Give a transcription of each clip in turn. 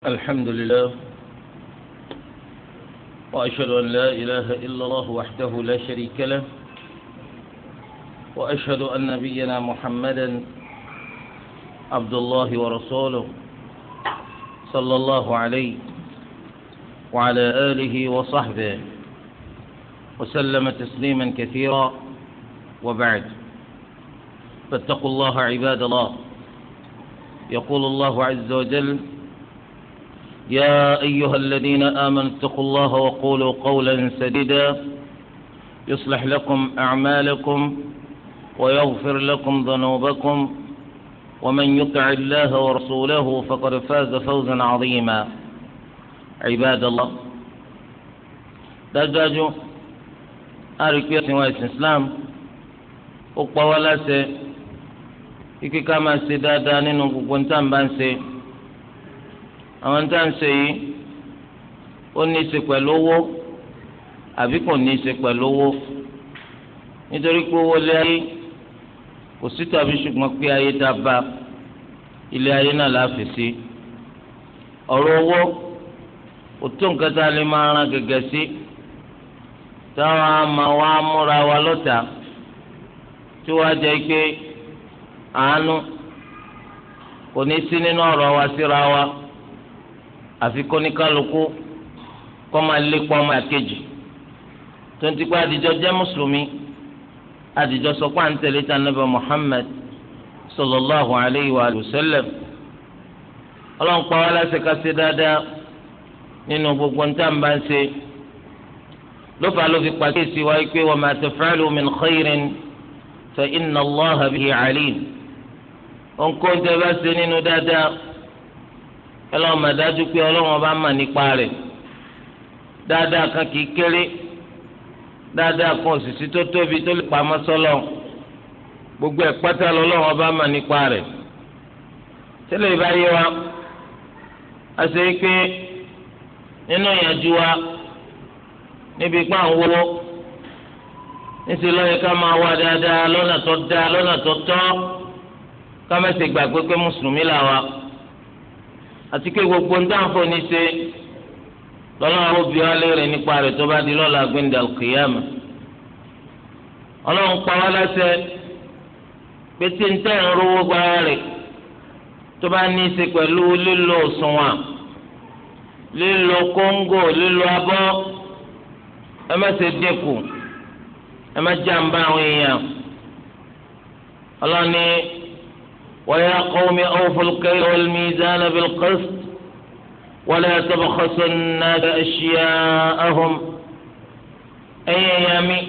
الحمد لله وأشهد أن لا إله إلا الله وحده لا شريك له وأشهد أن نبينا محمدا عبد الله ورسوله صلى الله عليه وعلى آله وصحبه وسلم تسليما كثيرا وبعد فاتقوا الله عباد الله يقول الله عز وجل يا أيها الذين آمنوا اتقوا الله وقولوا قولا سديدا يصلح لكم أعمالكم ويغفر لكم ذنوبكم ومن يطع الله ورسوله فقد فاز فوزا عظيما عباد الله dájúdájú àríkú ẹ̀sìn wa ẹ̀sìn islam كما pa wá láṣẹ kíkí ká àwọn tá à ń ṣe yìí ó ní í ṣe pẹ̀lú owó àbí kò ní í ṣe pẹ̀lú owó nítorí pé owó lé ayé kò sí tàbí ṣùgbọ́n pé ayé tá bá ilé ayé náà la sí ọ̀rọ̀ owó kò tó nǹkan tá a lè máa ran gẹ́gẹ́ sí táwọn àmà wa múra wa lọ́tà tí wàá jẹ́ pé àánú kò ní sí nínú ọ̀rọ̀ wa síra wa. Si àfi kóníkálukú kọ́ máa lépa ọmọ àkejì tó ń tipa àdìjọ jẹ́ mùsùlùmí àdìjọ sọ pé à ń tẹ̀lé ta nàbẹ Muhammad sallallahu alayhi wa sallam ọlọ́run pa wá láṣẹ ká ṣe dáadáa nínú gbogbo ń tà bá ń ṣe ló fà pàṣẹ sí wa pé wa ma taf'alu min khairin fa inna Allaha bihi alim ònkóńtẹ́ bá ṣe nínú dáadáa ọlọ́run mà dájú pé ọlọ́run ọba mà nípa rẹ̀ dáadáa kan kì í kéré dáadáa kan òṣìṣì tó tóbi tó lè pamọ́ sọ́lọ́ gbogbo ẹ̀ pátá lọ́lọ́run ọba mà nípa rẹ̀ tẹ́lẹ̀ ìbáyé wa a ṣe é pé nínú ìyànjú wa níbi ipá ń wọ́wọ́ níṣẹ́ lọ́yẹ ká máa wá dáadáa lọ́nà tó dáa lọ́nà tó tọ́ ká má gbàgbé pé mùsùlùmí làwa àti pé gbogbo ń dáhùn fún ní ṣe lọ́nà àwọn obìnrin aléèrè nípa rẹ̀ tó bá di lọ́la gbẹ̀ndà kìyàmù ọlọ́run pa wá lẹ́sẹ̀ pé tí ń tẹ̀ ń rówó gbára rẹ̀ tó bá ní í ṣe pẹ̀lú lílo òṣùwọ̀n lílo kóńgò lílo abọ́ ẹ má ṣe dínkù ẹ má jàǹbá àwọn èèyàn ọlọ́ni. ويا قوم أوفوا الكيل والميزان بالقسط ولا تبخسوا الناس أشياءهم أي يامي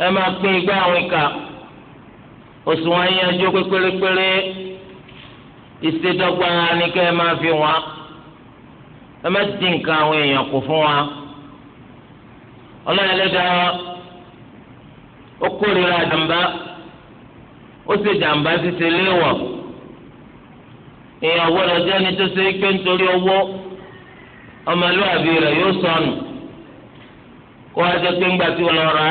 أما في باوكا أسوان يجوك كل كل استدقوا عنك ما في وا أما الدين كاوين يقفوا الله يلدى أقول لا جنبه ó ṣe jàǹbá ṣíṣe léwọ̀ èèyàn gbọ́dọ̀ jẹ́ ẹni tó ṣe é pé nítorí owó ọmọlúwàbí rẹ̀ yóò sọnù kó wá jẹ́ pé ńgbà tí wọ́n lọ ra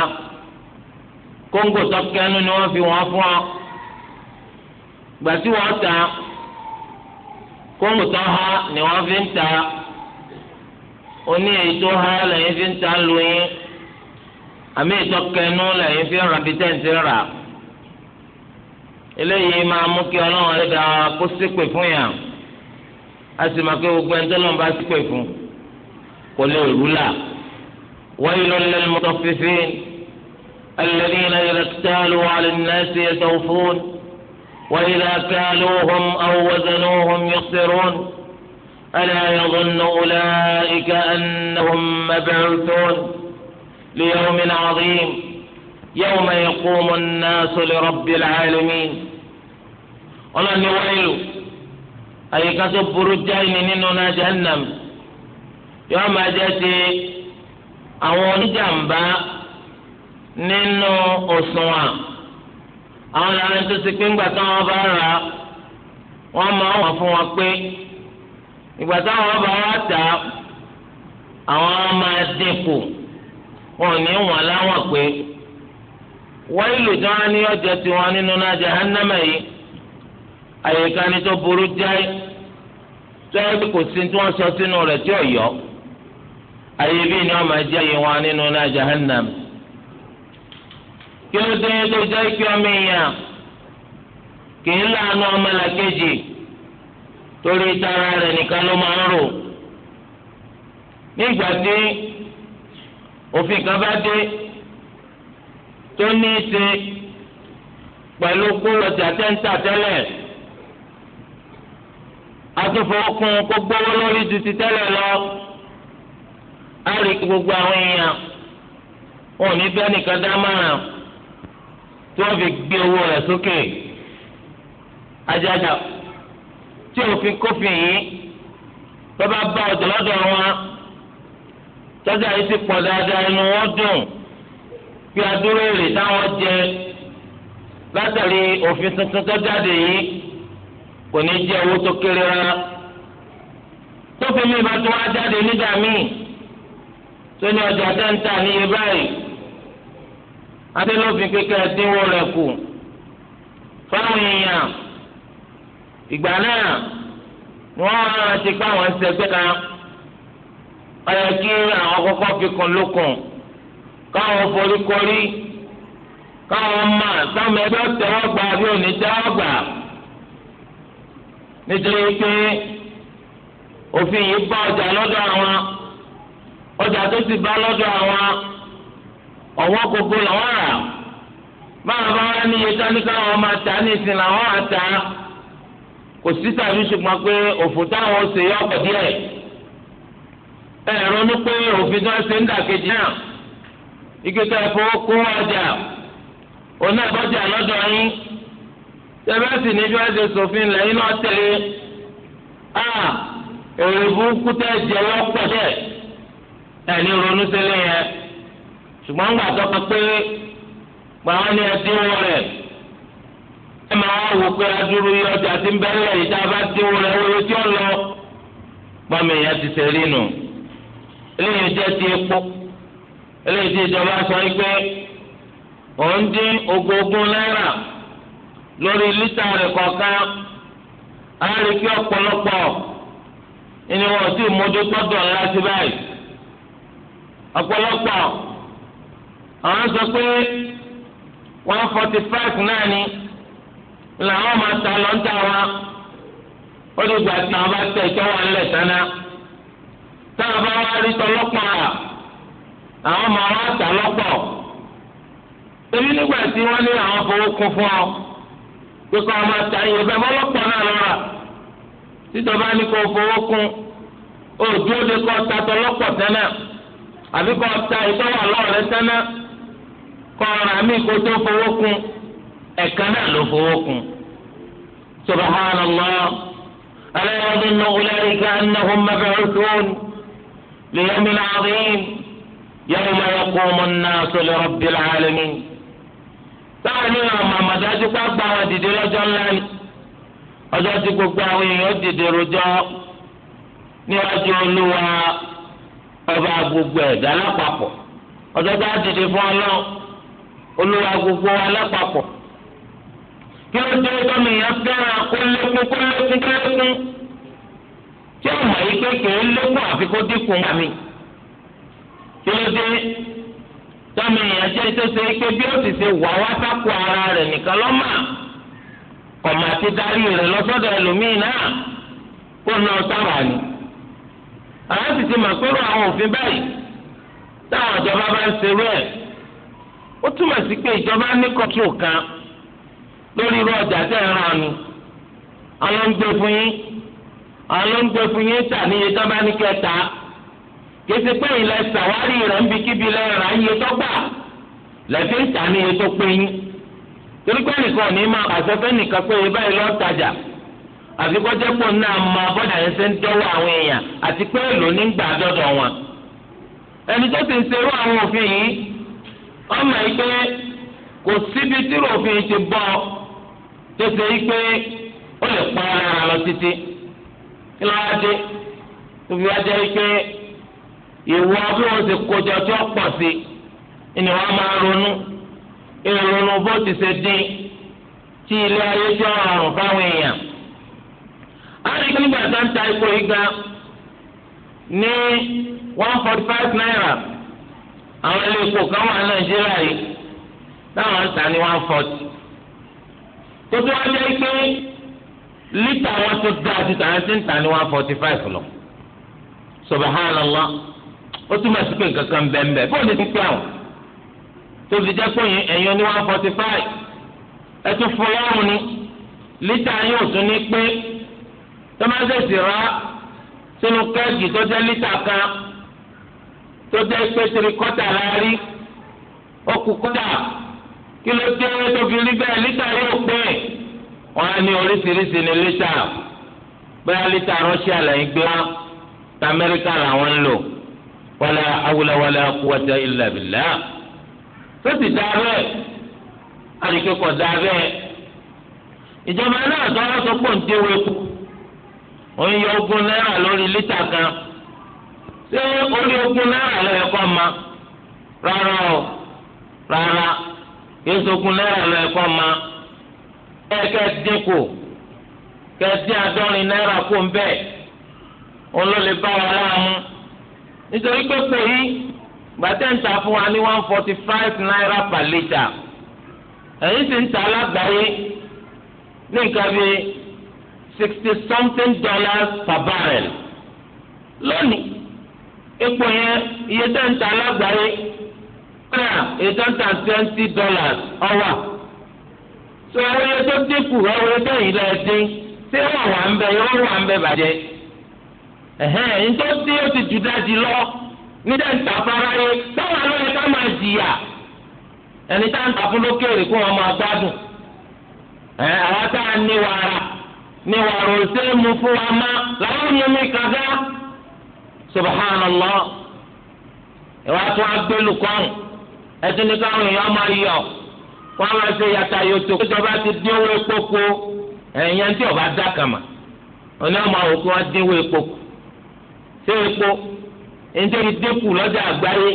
kóńgò tọ́kẹ́nu ni wọ́n fi wọ́n fún ọ gbà tí wọ́n ta kóńgò tó há ni wọ́n fi ń ta oní èyí tó há lẹ́yìn fi ń ta lóyún àmì ìtọ́kẹ́nu lẹ́yìn fi ń ra bí tẹ́ǹtì ń rà. eléyìí máa mú kí ọlọ́run rẹ̀ dáa kó sípè fún yàn á sì máa pé gbogbo ẹni tó lọ́n bá sípè fún kò lè rú là wailul lil mutaffifin alladhina idha iktalu ala an-nasi yastawfun wa idha kaluhum aw wazanuhum yukhsirun ala yadhunnu ulaika annahum mab'uthun li yawmin 'azim. يوم يقوم الناس لرب العالمين ọlọ́ni wáyò àyíká tó burú jáìní nínú náà jahannam yóò máa jẹ́ ti àwọn oníjàmbá nínú òṣùwọ̀n àwọn làwọn tó ti pín gbà táwọn bá rà á máa wọ̀ fún wọn pé ìgbà táwọn bá wà tà àwọn máa dínkù wọn ò ní wọ̀n láwọn pé. wọ́n ìlú tí wọ́n á ní ọjọ́ tiwọn nínú jahannama yìí àyíká ni tó burú jáì tó yẹ sí tí wọ́n ọ̀yọ́ ni wọ́n máa jẹ́ àyè wọn nínú náà jahannama kí ló dé tó jẹ́ kí ọmọ èèyàn kì í láàánú ọmọ làkejì torí tara rẹ̀ nìkan ló máa ń rò nígbà tí dé. tó ní í ṣe pẹ̀lú kólọ̀tì àtẹ́ńtà tẹ́lẹ̀ atúfọ̀ọ́kùn kó gbówó lórí ju ti tẹ́lẹ̀ lọ á rí gbogbo àwọn èèyàn wọn ò ní bẹ́ẹ̀ nìkan dá márùn tí wọ́n fi gbé owó rẹ̀ sókè ajaja tí òfin kófin yìí tó bá ọ̀dọ̀ lọ́dọ̀ wọn tọ́jà yìí ti pọ̀ dáadáa inú wọn dùn bí adúró èrè táwọn jẹ látàrí òfin tuntun tó jáde yìí kò ní jẹ owó tó kéré rárá tó fi mí ìbátan wá jáde nígbà míì tó ní ọjà tẹ́ǹtà ní iye báyìí adélófin kékeré dínwó rẹ̀ kù fáwọn èèyàn ìgbà náà wọ́n rántí pé àwọn ń ṣẹgbẹ́ kan ọ̀yẹ́ kí àwọn kọ́kọ́ fi kún lókun. káwọn forí korí káwọn mọ sáwọn ẹgbẹ́ tẹ́wọ́gbà bí òní tẹ́wọ́gbà nítorí pé òfin yìí bá ọjà lọ́dọ̀ àwọn ọjà tó ti bá lọdọ àwọn ọ̀wọ́ gbogbo làwọn rà báwọn bá wá níye sani káwọn máa tà ní ìsìn làwọn kò sí tàbí pé táwọn ṣe yọ ìgbésẹ̀ ìfowókó ọjà onábọ́jà lọ́dọ̀ yín tẹ́lẹ̀sì ní bí wọ́n ṣe sòfin lẹ́yìn náà tẹ̀lé a èrè burúkú tẹ́ jẹ wọ́pọ̀ dẹ̀ ronú sílẹ̀ yẹn ṣùgbọ́n ń gbà onye pé gbàwọn ní ẹdínwó rẹ̀ ẹ máa wò pé adúrú yìí ọjà ti ń bẹ́lẹ̀ yìí tá a bá dínwó rẹ̀ wọ́n tí ó lọ yẹn ti ṣe nù eléyìí ti epo. eléyìí tí ìjọba sọ pé òun dín ogógún náírà lórí lítà rẹ̀ kọ̀ọ̀kan á rí i pé ọ̀pọ̀lọpọ̀ ni wọn sì mójútó dọ̀ sí báyìí ọ̀pọ̀lọpọ̀ àwọn sọ pé one forty five náà ni làwọn máa ta lọ́ńtà wa ó dìgbà tí àwọn àwọn ọmọ wọn ta lọ́pọ̀ torí nígbà tí wọ́n ní àwọn fowó kún fún ọ pé ọmọ ta yìí ọbẹ̀ mọ́ lọ́pọ̀ náà lọ́ra títọ́ba ní kò fowó kún òdúró de kọ́ ta tọ́ lọ́pọ̀ tẹ́lẹ̀ àbí kọ́ ta lọ́ọ̀rẹ́ kọ́ mí kó tó fowó kún ẹ̀ka náà ló fowó kún. yawma yaqumu an-nasu li rabbil alamin láàrin àwọn àmàdájú pápá àwọn dìde lọ́jọ́ ńlá ni ọjọ́ tí gbogbo àwọn èèyàn dìde rojọ́ níwájú olúwa ọba gbogbo ẹ̀dá lápapọ̀ ọjọ́ tá a dìde fún ọlọ́ olúwa gbogbo wa lápapọ̀ kí ló dé tọ́mọ èèyàn fẹ́ràn kólékún kólékún kólékún tí kékeré kí ló dé tọ́mi èèyàn jẹ́ tó ṣe pé bí ó ti ṣe wà wá sáko ara rẹ̀ nìkan lọ́mà ọ̀mà ti darí rẹ̀ lọ́sọ́dọ̀ ẹlòmíì náà kó náà sábà ni. àwọn sì ti mọ̀ pé àwọn òfin báyìí táwọn ìjọba bá ń ṣerú ẹ̀ ó túmọ̀ sí pé ìjọba ní kọ́tù kan lórí irú ẹ kése pé ilẹ̀ sàwárì rẹ̀ ń bi kíbi lẹ́ra iye tó gbà lẹ́fẹ́ ń tà ní iye tó pé yín torí pé nìkan ní máa pàṣẹ fẹ́ nìkan pé ibà yìí lọ́ọ́ tajà àfi kọ́jẹ́ pọ̀ náà máa bọ́dà yẹn ṣe ń dọ́wọ́ àwọn èèyàn àti pé èlò ní gbà dọ́dọ̀ wọn. ẹni tó ti ń ṣerú àwọn òfin yìí ọmọ yìí pé kò ìwọ bí wọn ti kójọ tí ó pọ̀ sí ni wọn máa ronú ìrònú bó ti ṣe dín tí ilé ayé tí ó rọrùn fáwọn èèyàn. nígbà one forty five naira àwọn ilé epo kan wà nàìjíríà yìí táwọn ń ta ní one forty. tó tó wá jẹ́ pé lítà wọn tó dáa ju tàwọn ti ń ta ní one forty five lọ. ó túmọ̀ sí pé nǹkan kan bẹ́ẹ̀ bẹ́ẹ̀ bóun ni ti àwọn tó fi jẹ́ pé ẹ̀yin ní one forty five ẹ tún fún lọ́rùn ni lítà yóò tún ní pé tó máa tẹ̀sí rà sínú kẹ́ẹ̀gì tó jẹ́ lítà kan tó jẹ́ pé three quarter láàrí ó kù kọ́tà kí ló dé tó fi rí bẹ́ẹ̀ lítà yóò pé wọn á ní oríṣiríṣi ní lítà bẹ́ẹ̀ lítà Russia lẹ́yìn gbé wọn tí Amẹ́ríkà làwọn ń lò. wala awula wala quwwata illa bila tó ti dá bẹ́ẹ̀ àdìkẹ́kọ̀ọ́ dá bẹ́ẹ̀ ìjọba náà tọ́wọ́ sọ pé òǹtẹ̀ wo epo òun yọ náírà kan ṣé orí ogún náírà lọ ẹ̀kọ́ ma rárá o rárá náírà lọ ẹ̀kọ́ ma kẹ́kẹ́ dínkù kẹ́kẹ́ dín náírà kó ń bẹ́ẹ̀ nítorí pé pò yí gbàtẹ́ ń ta fún wa ní one forty five naira per litre ẹ̀yìn sì ń ta alágbàáyé ní nǹkan bíi sixty something dollars per barrel lónìí epo yẹn iye tẹ́ ń ta alágbàáyé náà iye tẹ́ ń twenty dollars ọwà so àwọn iye tó dínkù àwọn iye tẹ́yìn lẹ́ẹ̀dín tí wọ́n wà ń bẹ yọ wọ́n wà ń bẹ bàjẹ́. ẹ̀hẹ́n nítorí tí ó ti jù dájú lọ ní dẹ́ńtà fara yé táwọn alóye ká máa jìyà ẹni tá à ń fún lókèrè kó wọn máa gbádùn ẹ àwọn tá ní wàrà ní wàrà òsè mu fún yọ wọn máa ṣe yàtà kó ìjọba ti dín owó epo kó tí ọba dá oní ọmọ àwòkọ́ ṣé epo nítorí dínkù lọ́jà àgbáyé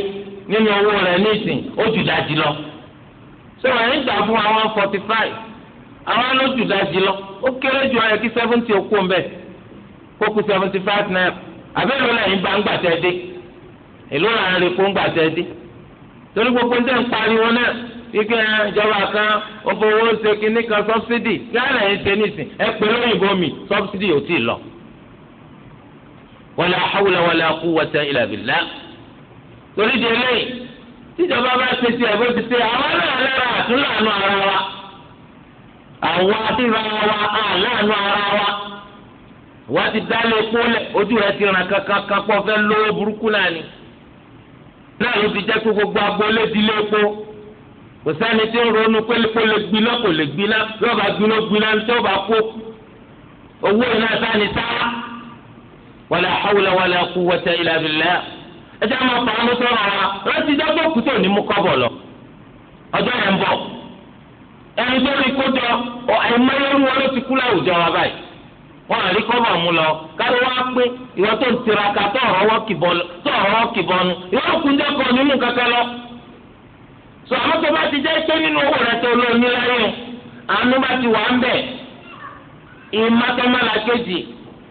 nínú owó rẹ̀ nísìn ó jù dájì lọ ṣé wọ́n ń gbà fún àwọn forty five àwọn ló jù dájì lọ ó kéré ju ayọ̀ kí seventy okú mbẹ́ kó kú seventy five naira àbẹ́rẹ́ lẹ́yìn bá ń gbà tẹ́ dé èló là ń rí kó ń gbà tẹ́ dé torí gbogbo ń tẹ́ ń pariwo náà ike ìjọba kan owó ṣe kínní kan subsidy. kí á lẹ́yìn ṣe nísìn ẹ pẹ̀lú òyìnbó mi subsidy, ò tí ì lọ wala hawla wala quwwata illa billah. torí di eléyìí tíjọba bá ṣe ti ẹ̀fọ́ ti ṣe àwọn náà lára àtúnláàánú ara wa àwa síra wa àláàánú ara wa wa ti dálé kólẹ̀ ojú rẹ̀ ti ràn kankan kápọ̀ fẹ́ lówó burúkú náà ni náà ló ti jẹ́ pé gbogbo agboolé di lépo kò sẹ́ni tí ń ronú pélépo lè gbiná kò lè gbiná yóò gbiná gbiná tí ó bá kó owó iná sáà ní wala hawla wala quwwata illa billah ẹ a àwọn ọkọ̀ ọmọ sọ̀rọ̀ wa láti dágbò kùtò ní mú kọ́bọ̀ lọ ọjọ́ yẹn ń ẹni tó rí kójọ ẹ̀mọ́yẹ́rú wọn ló ti kú láwùjọ wa báyìí wọn àrí kọ́bọ̀ mú lọ kárí wá pé ìwọ tó ń tiraka sọ àwọn tó bá ti nínú owó rẹ tó àánú bá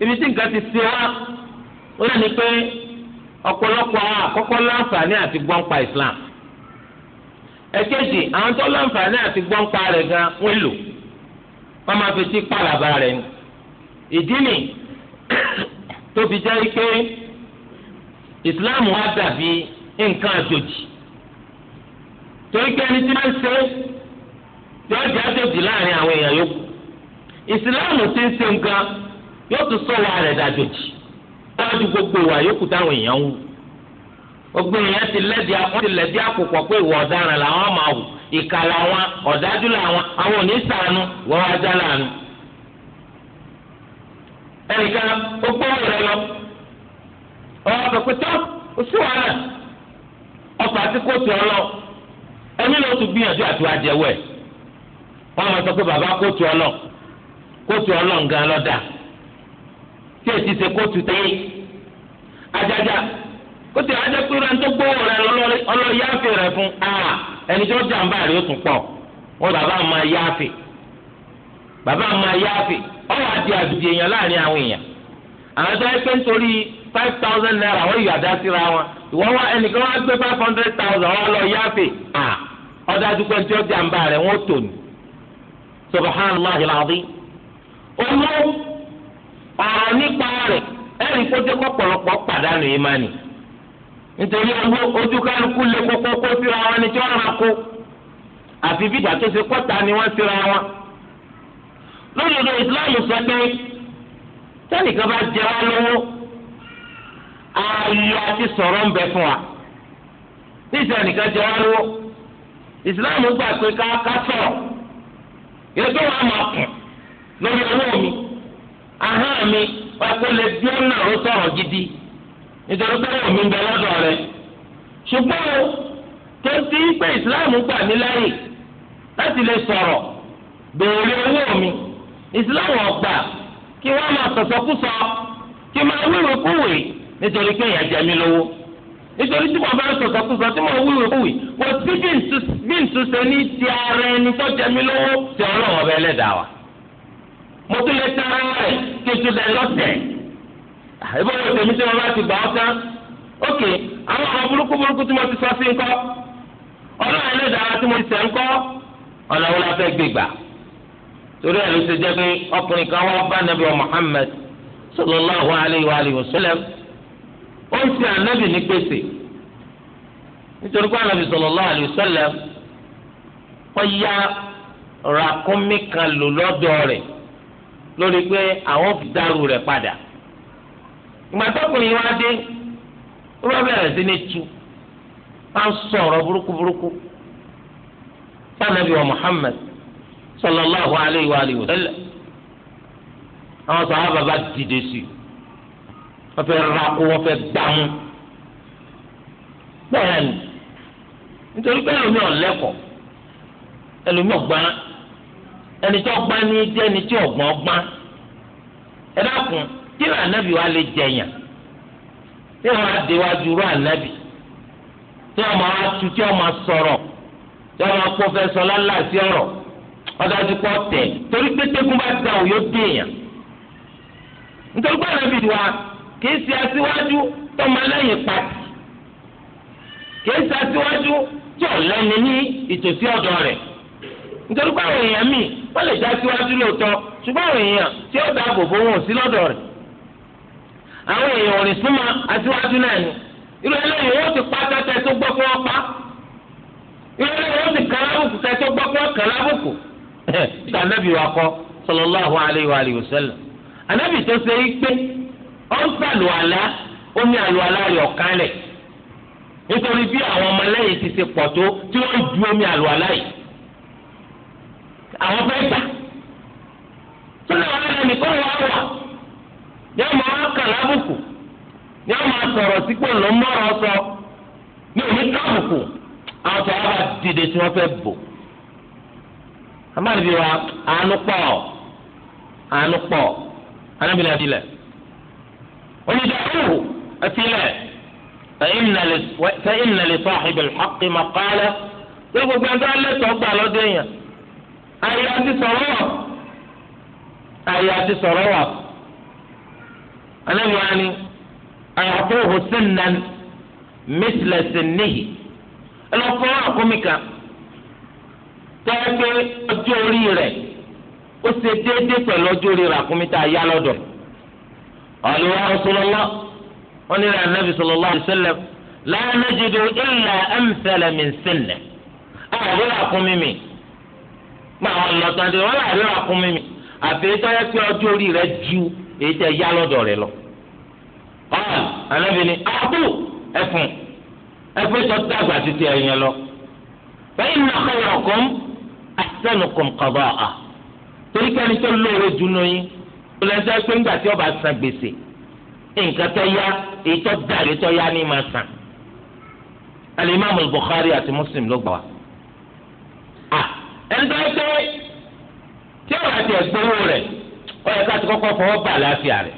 ibi tí nǹkan ti ṣe wá ó lè ní pé ọ̀pọ̀lọpọ̀ àwọn àkọ́kọ́ láǹfààní àti gbọ́npa Islam ẹ̀kejì àwọn tó láǹfààní àti gbọ́npa rẹ̀ gan wọ́n lò wọ́n máa fi sí pàlàbà rẹ̀ ni ìdí nì tó jẹ́ pé Islam wa dàbí nǹkan àjòjì torí pé ẹni tí wọ́n ṣe tí wọ́n jẹ́ àjòjì láàrin àwọn èèyàn yòókù Islam ti ń ṣe nǹkan. yóò tún sọ wà rẹ̀ dàjòjì dájú gbogbo wa yòókù táwọn èèyàn wù gbogbo èèyàn ti lẹ́dí wọ́n ti lẹ́dí àpòpọ̀ pé ìwà ọ̀daràn làwọn máa wù ìkà làwọn ọ̀dájú làwọn àwọn òní sànù wọ́n wá já lànà. ẹnìkan ó ọlọ ẹni ló tún gbìyànjú àti sọ pé ọlọ kóòtù ọlọ tí èsì se kóòtù tẹ́yìn ajaja kó tẹ ajakú rẹ tó gbówó rẹ ọlọ́yàáfẹ́ rẹ fún ẹni tó jàǹbá rẹ ó tún pọ̀ wọn bàbá máa yááfẹ́ bàbá ọwọ́ àti láàrin àwọn èèyàn àwọn tó pé nítorí five thousand naira wọ́n yọ àdá síra wọn ìwọ́n wá ẹnìkan wá lọ tí rẹ wọ́n tò ní ọ̀rọ̀ nípa rẹ̀ ẹ̀rí kójú kọ́ pọ̀lọpọ̀ pàdánù yìí máa nì nítorí ojú kálukú lè kọ́kọ́ kó síra wọn ní tí wọ́n máa kó àfi bí ìgbà tó ṣe kọ́ta ni wọ́n síra wọn. lórí ìlú sọ pé bá jẹ wá ààyè àti sọ̀rọ̀ ń bẹ fún wa ní jẹ wá gbà pé mi wọ́n pé lè bí ó sọ̀rọ̀ gidi nítorí pé omi ń bẹ lọ́dọ̀ rẹ̀ ṣùgbọ́n tó ti pé ìsìláàmù gbà mí láyè láti lè sọ̀rọ̀ béèrè owó mi ọ̀gbà kí wọ́n máa sọ̀sọ̀kúsọ kí máa wíwèé kúwèé nítorí pé jẹ mí lówó nítorí tí mo bá ń sọ̀sọ̀kúsọ tí mo wíwèé kúwèé bí ní ti ara ẹni tó mo tún lè tẹ ara rẹ̀ kí n tún lẹ lọ́sẹ̀. àìbọ̀ wo tèmi tí wọn bá ti gbà ọ́ tán ok àwọn ọmọ burúkú burúkú tí mo ti sọ sí ńkọ́ ọlọ́run ẹlẹ́dàá tí mo ti sẹ́ ńkọ́ ọ̀nà wo la fẹ́ gbé gbà. torí ẹ̀ ló ṣe jẹ́ pé ọkùnrin kan wọ́n bá nàbí Muhammad sallallahu alayhi wa alihi wa sallam ó ń sin ànábì ní pèsè nítorí pé ànábì sallallahu alayhi wa sallam wọ́n yá kan lò lọ́dọ̀ rẹ̀ lórí pé àwọn dàrú rẹ̀ padà ìgbà tọkùnrin wa dé ó bá bẹ̀rẹ̀ sí ní tu máa ń sọ̀rọ̀ burúkú burúkú sanabi wa Muhammad sallallahu alayhi wa alayhi wa sallam àwọn sàhábà bá dìde sí i wọ́n fẹ́ rakó wọ́n fẹ́ gbàmú bẹ́ẹ̀ ni nítorí pé ẹlòmíràn lẹ́kọ̀ọ́ ẹlòmíràn gbọ́n. ẹni tí ọgbọ́n ní í ẹni tí ọgbọ́n gbọ́n ẹ dákun kí ló ànábì wa lè jẹyàn tí wọn á di wájú rú ànábì tí wọn máa tu tí wọn máa sọ̀rọ̀ tí wọn máa kó fẹ́ sọ lálá sí ọ̀rọ̀ ọdájú kọ́ tẹ̀ torí pé bá dà ó yóò nítorí pé ànábì wa kìí ṣe aṣíwájú tó máa lẹ́yìn pàtì kìí ṣe aṣíwájú tí ò ní ìtòsí nítorí pé àwọn èèyàn míì wọ́n lè já síwájú lóòótọ́ ṣùgbọ́n àwọn èèyàn tí ó dáàbò bò sí lọ́dọ̀ rẹ̀ àwọn èèyàn ò súnmọ́ aṣíwájú náà ni irú ẹlẹ́yìn wọ́n ti pa tẹ́tẹ́ tó gbọ́ fún ọpá irú ẹlẹ́yìn ti kàn lábùkù tẹ́tẹ́ tó gbọ́ fún lábùkù anábì wa sọlọ. anábì tó ṣe é pé ó ń rẹ̀ àwọn fẹ́ gbà súnà wọn lẹ́nu nìkan wọ́n wà ní ọmọ wọn kà lábùkù ní ọmọ sọ̀rọ̀ sípò ló ń sọ ní òní kábùkù àwọn tó wà dìde tí wọ́n fẹ́ bò amáàlùbí wa àánú pọ̀ àánú pọ̀ anábìlẹ̀ àdìlẹ̀ onídàáwò gbogbo alẹ́ tó gbà àyè àti sọ̀rọ̀ wà àyè àti sọ̀rọ̀ wà alẹ́ wàá ni àyàfó hosẹ́n nan mísìlẹ̀sì níyì ẹlọ́fọ́ àkómìkà tẹ́gbẹ́ ọjọ́ orí rẹ̀ ó ṣe déédéé pẹ̀lú ọjọ́ orí rẹ̀ àkómìtà yá lọ́dọ̀ ọ̀lùwà ọ̀ṣọ́lọ́lá wọn ní rẹ̀ anábì sọ̀lọ́lá àdìsẹ́lẹ̀ láàánú jìdó ìlà ẹ̀mfẹ̀lẹ̀ àkómìmì mọ àwọn lọ́tàn tó wọ́n láàrin ọkùnrin mi àfi ètò ẹ pé ọjọ́ orí rẹ ju èyí tẹ yá lọ́dọ̀ rẹ lọ. ọ̀hún anábìíní àbú ẹ̀fún ẹ̀fún tó dàgbà títí ẹ̀yìn lọ. bẹ́ẹ̀ ni àkọyọ̀ ọ̀kọ́m àtẹnu kọ̀m kọ̀bọ̀ à. torí kẹ́ni tó lóore dunu yín ó lẹ́sẹ̀ pé ńgbà tí ọba san gbèsè nǹkan tó yá èyí tó tó yá ní ma san. alimami Bukhari àti Muslim ló gbà wá. ẹni tó ń pé tí ọ̀rọ̀ àti ẹ̀gbọ́n rẹ̀ ó yẹ ká ti kọ́kọ́ fọwọ́ bà láàfíà rẹ̀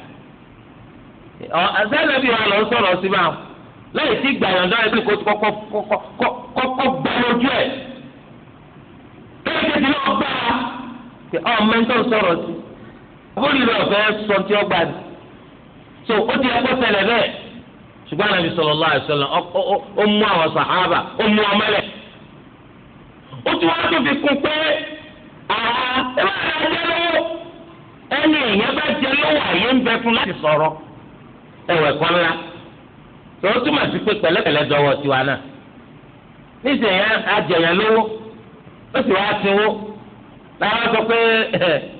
ọ̀sẹ̀ bí wọn lọ sọ̀rọ̀ sí máa láì sí ìgbà yọ̀ǹda ẹgbẹ́ kó ti kọ́kọ́ gbà lójú ẹ̀ kéèké tí wọ́n gbà á pé mẹ́ńtọ́ sọ̀rọ̀ sí àbúrò ọ̀fẹ́ sọ gbà so ó ti ẹ̀kọ́ ṣẹlẹ̀ bẹ́ẹ̀ ṣùgbọ́n Ànábì sallallahu alaihi ó mú àwọn sàhábà ó mú ó tún wá tó fi kún pé àwa ẹ má ra jẹ lówó ẹni èèyàn bá jẹ lówó àyè ń bẹ fún láti sọ̀rọ̀ ẹ̀wẹ̀ kan ńlá tó túmọ̀ sí pé pẹ̀lẹ́pẹ̀lẹ́ dọwọ́ tiwa náà nísìnyí àjẹyàn lówó ó sì wá sinwó sọ pé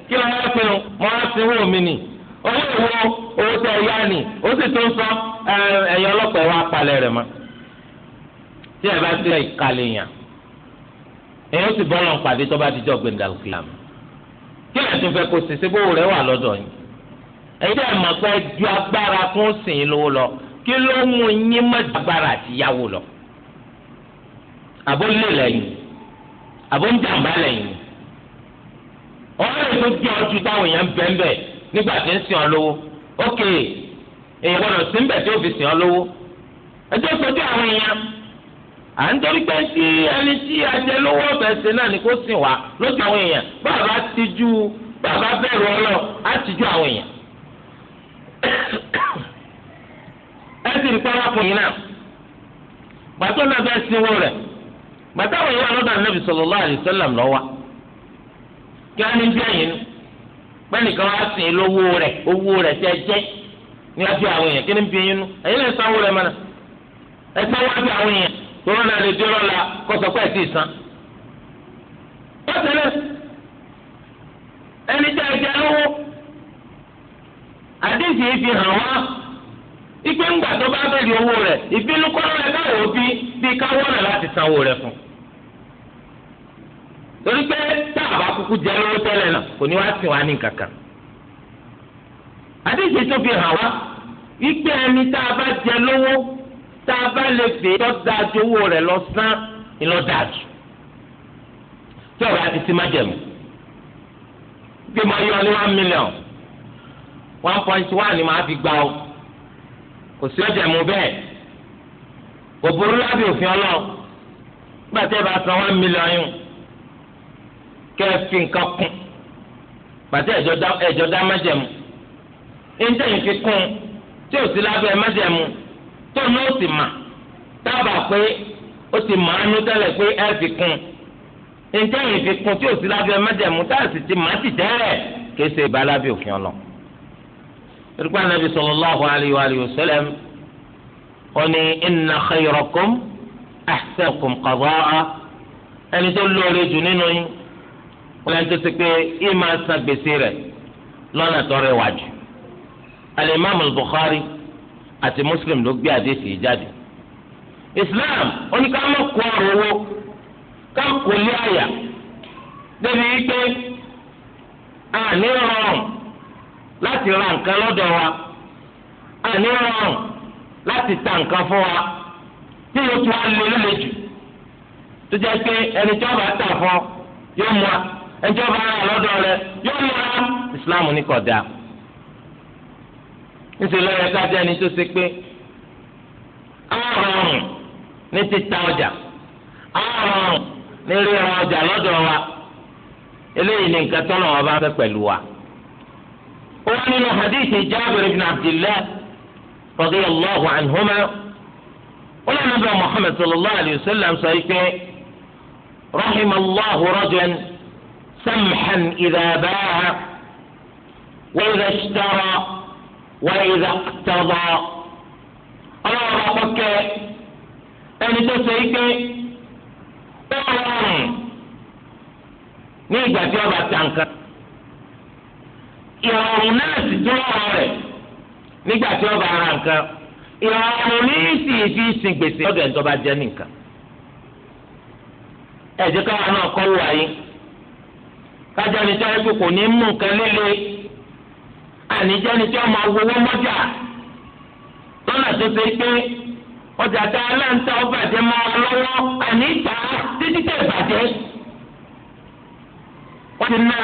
kí wá pinnu mo wá sinwó mi nì ni ó sì sọ èyí ó sì bọ́ lọ́n pàdé tó bá ti jọ gbẹ̀ndà òkè àmì kí ẹ̀ tún fẹ́ kó sì síbò rẹ̀ wà lọ́dọ̀ yìí ẹ̀yin tẹ́ ẹ̀ mọ̀ pé ju agbára kún sìn lówó lọ kí ló mú yín mọ́ ju agbára àti yáwó lọ. àbó lè lẹ́yìn àbó ń jàǹbá lẹ́yìn ọ̀rẹ́ tó jẹ́ ọdún táwọn èèyàn bẹ́ẹ̀ nígbà tí ń sìn ọ́ lówó ókè èèyàn gbọ́dọ̀ sí ń bẹ̀ tó fi sìn ọ́ lówó ẹjọ́ sojú à ń torí pé tí ẹni tí ajẹlówó ọbẹ̀ ṣe náà ni kò wá lójú àwọn èèyàn bàbá tijú bàbá bẹ̀rù ọlọ́ á tijú àwọn èèyàn. ẹ sì rí pálákùnrin náà gbàtọ́ náà bẹ́ẹ̀ sinwó rẹ̀ gbàtọ́ àwọn èèyàn lọ́dọ̀ ànábì sallallahu alaihi wasallam lọ́wọ́ kí ní bí ẹ̀yìn owó rẹ̀ tẹ́ jẹ́ àwọn èèyàn kí tòró na lè dúró la sọ pé ẹ ti bọ́sẹ̀lẹ̀ ẹni tẹ́ jẹ lówó àdéhìí fi hàn wá ipe ńgbà tó bá bẹ̀rẹ̀ owó rẹ̀ ìbínú kọ́ lọ́rẹ́ náà wò bí bí káwọ́ rẹ̀ láti sanwó rẹ̀ fún. torí pé kúkú tá a bá lè fè é lọ́dájú owó rẹ̀ lọ́sán ni lọ́dájú tí ọ̀rọ̀ àti ti má jẹ̀mú gbé máa yọ ní one million one point one ni màá fi gbà ó kò sí ọ̀jẹ̀mú bẹ́ẹ̀ òbúrú lábẹ́ òfin ọlọ́ọ̀ nígbà tí ẹ bá san one million yìí kẹ́ ẹ fi nǹkan kún pàtẹ́ ẹ̀jọ̀ dá májẹ̀mú ẹ̀ńtẹ̀yìn fi kún tí ò sí lábẹ́ májẹ̀mú tó ní ó sì mà dábàá pé ó ti mà á nú tẹ́lẹ̀ pé ẹ fi kún ǹjẹ́ yìí fi kún tí ò sí lábẹ́ mẹ́jẹ̀mú tá a sì ti mà á ti tẹ́lẹ̀ kìí ṣe òfin ọlọ. irúgbà nàbì sallallahu alayhi wa sallam ó ní inna khayrakum ahsanukum qadaa ẹni tó lóore jù nínú yín wọ́n yẹn tó pé ìmọ̀ àṣà gbèsè lọ́nà tó rẹwà jù. bukhari àti muslim ló gbé àdéhùn yìí jáde islam ó ní ká má kó ọ̀rọ̀ owó ká kó lé àyà débi wípé a ní rọrùn láti ra nǹkan lọ́dọ̀ wa a ní rọrùn láti ta nǹkan fún wa tí yóò tún wá lé jù tó jẹ́ pé ẹni tí wọ́n bá tà fún yóò mú a ẹni tí wọ́n bá rà lọ́dọ̀ rẹ yóò mú a islam ní kódà níṣẹ́ ló yẹ ká jẹ́ ẹni tó ṣe pé àrùn ní títa ọjà àrùn ní ríra ọjà lọ́dọ̀ wa eléyìí ni nǹkan tọ́nà wọn bá fẹ́ pẹ̀lú wa. ó wá nínú hadithi Jabir ibn Abdillah radiyallahu anhuma ó lọ́nà bá Muhammad sallallahu alayhi wa sallam sọ pé rahimallahu rajulan samhan idha wa idha وإذا اقتضى ọlọ́run ọkọ̀kẹ́ ẹni tó ṣe ike ó rọrùn ní ìgbà tí ọba ta ìrọ̀rùn náà sì rọrùn rẹ̀ nígbà tí ọba ara nǹkan ìrọ̀rùn ní fi sin gbèsè jẹ́ nìkan ẹ̀jẹ̀ káwọn náà kọ́ wáyé ni sọ́yẹ́ kò ní mú nǹkan líle. àníjẹ́ ni tí wọ́n máa wọwọ́ mọ́jà lọ́nà tó ṣe pé ọjà tá a náà ń ta ọba jẹ mọ́ ọ lọ́wọ́ àní ìta títí tẹ̀ bàjẹ́ wọ́n ti ná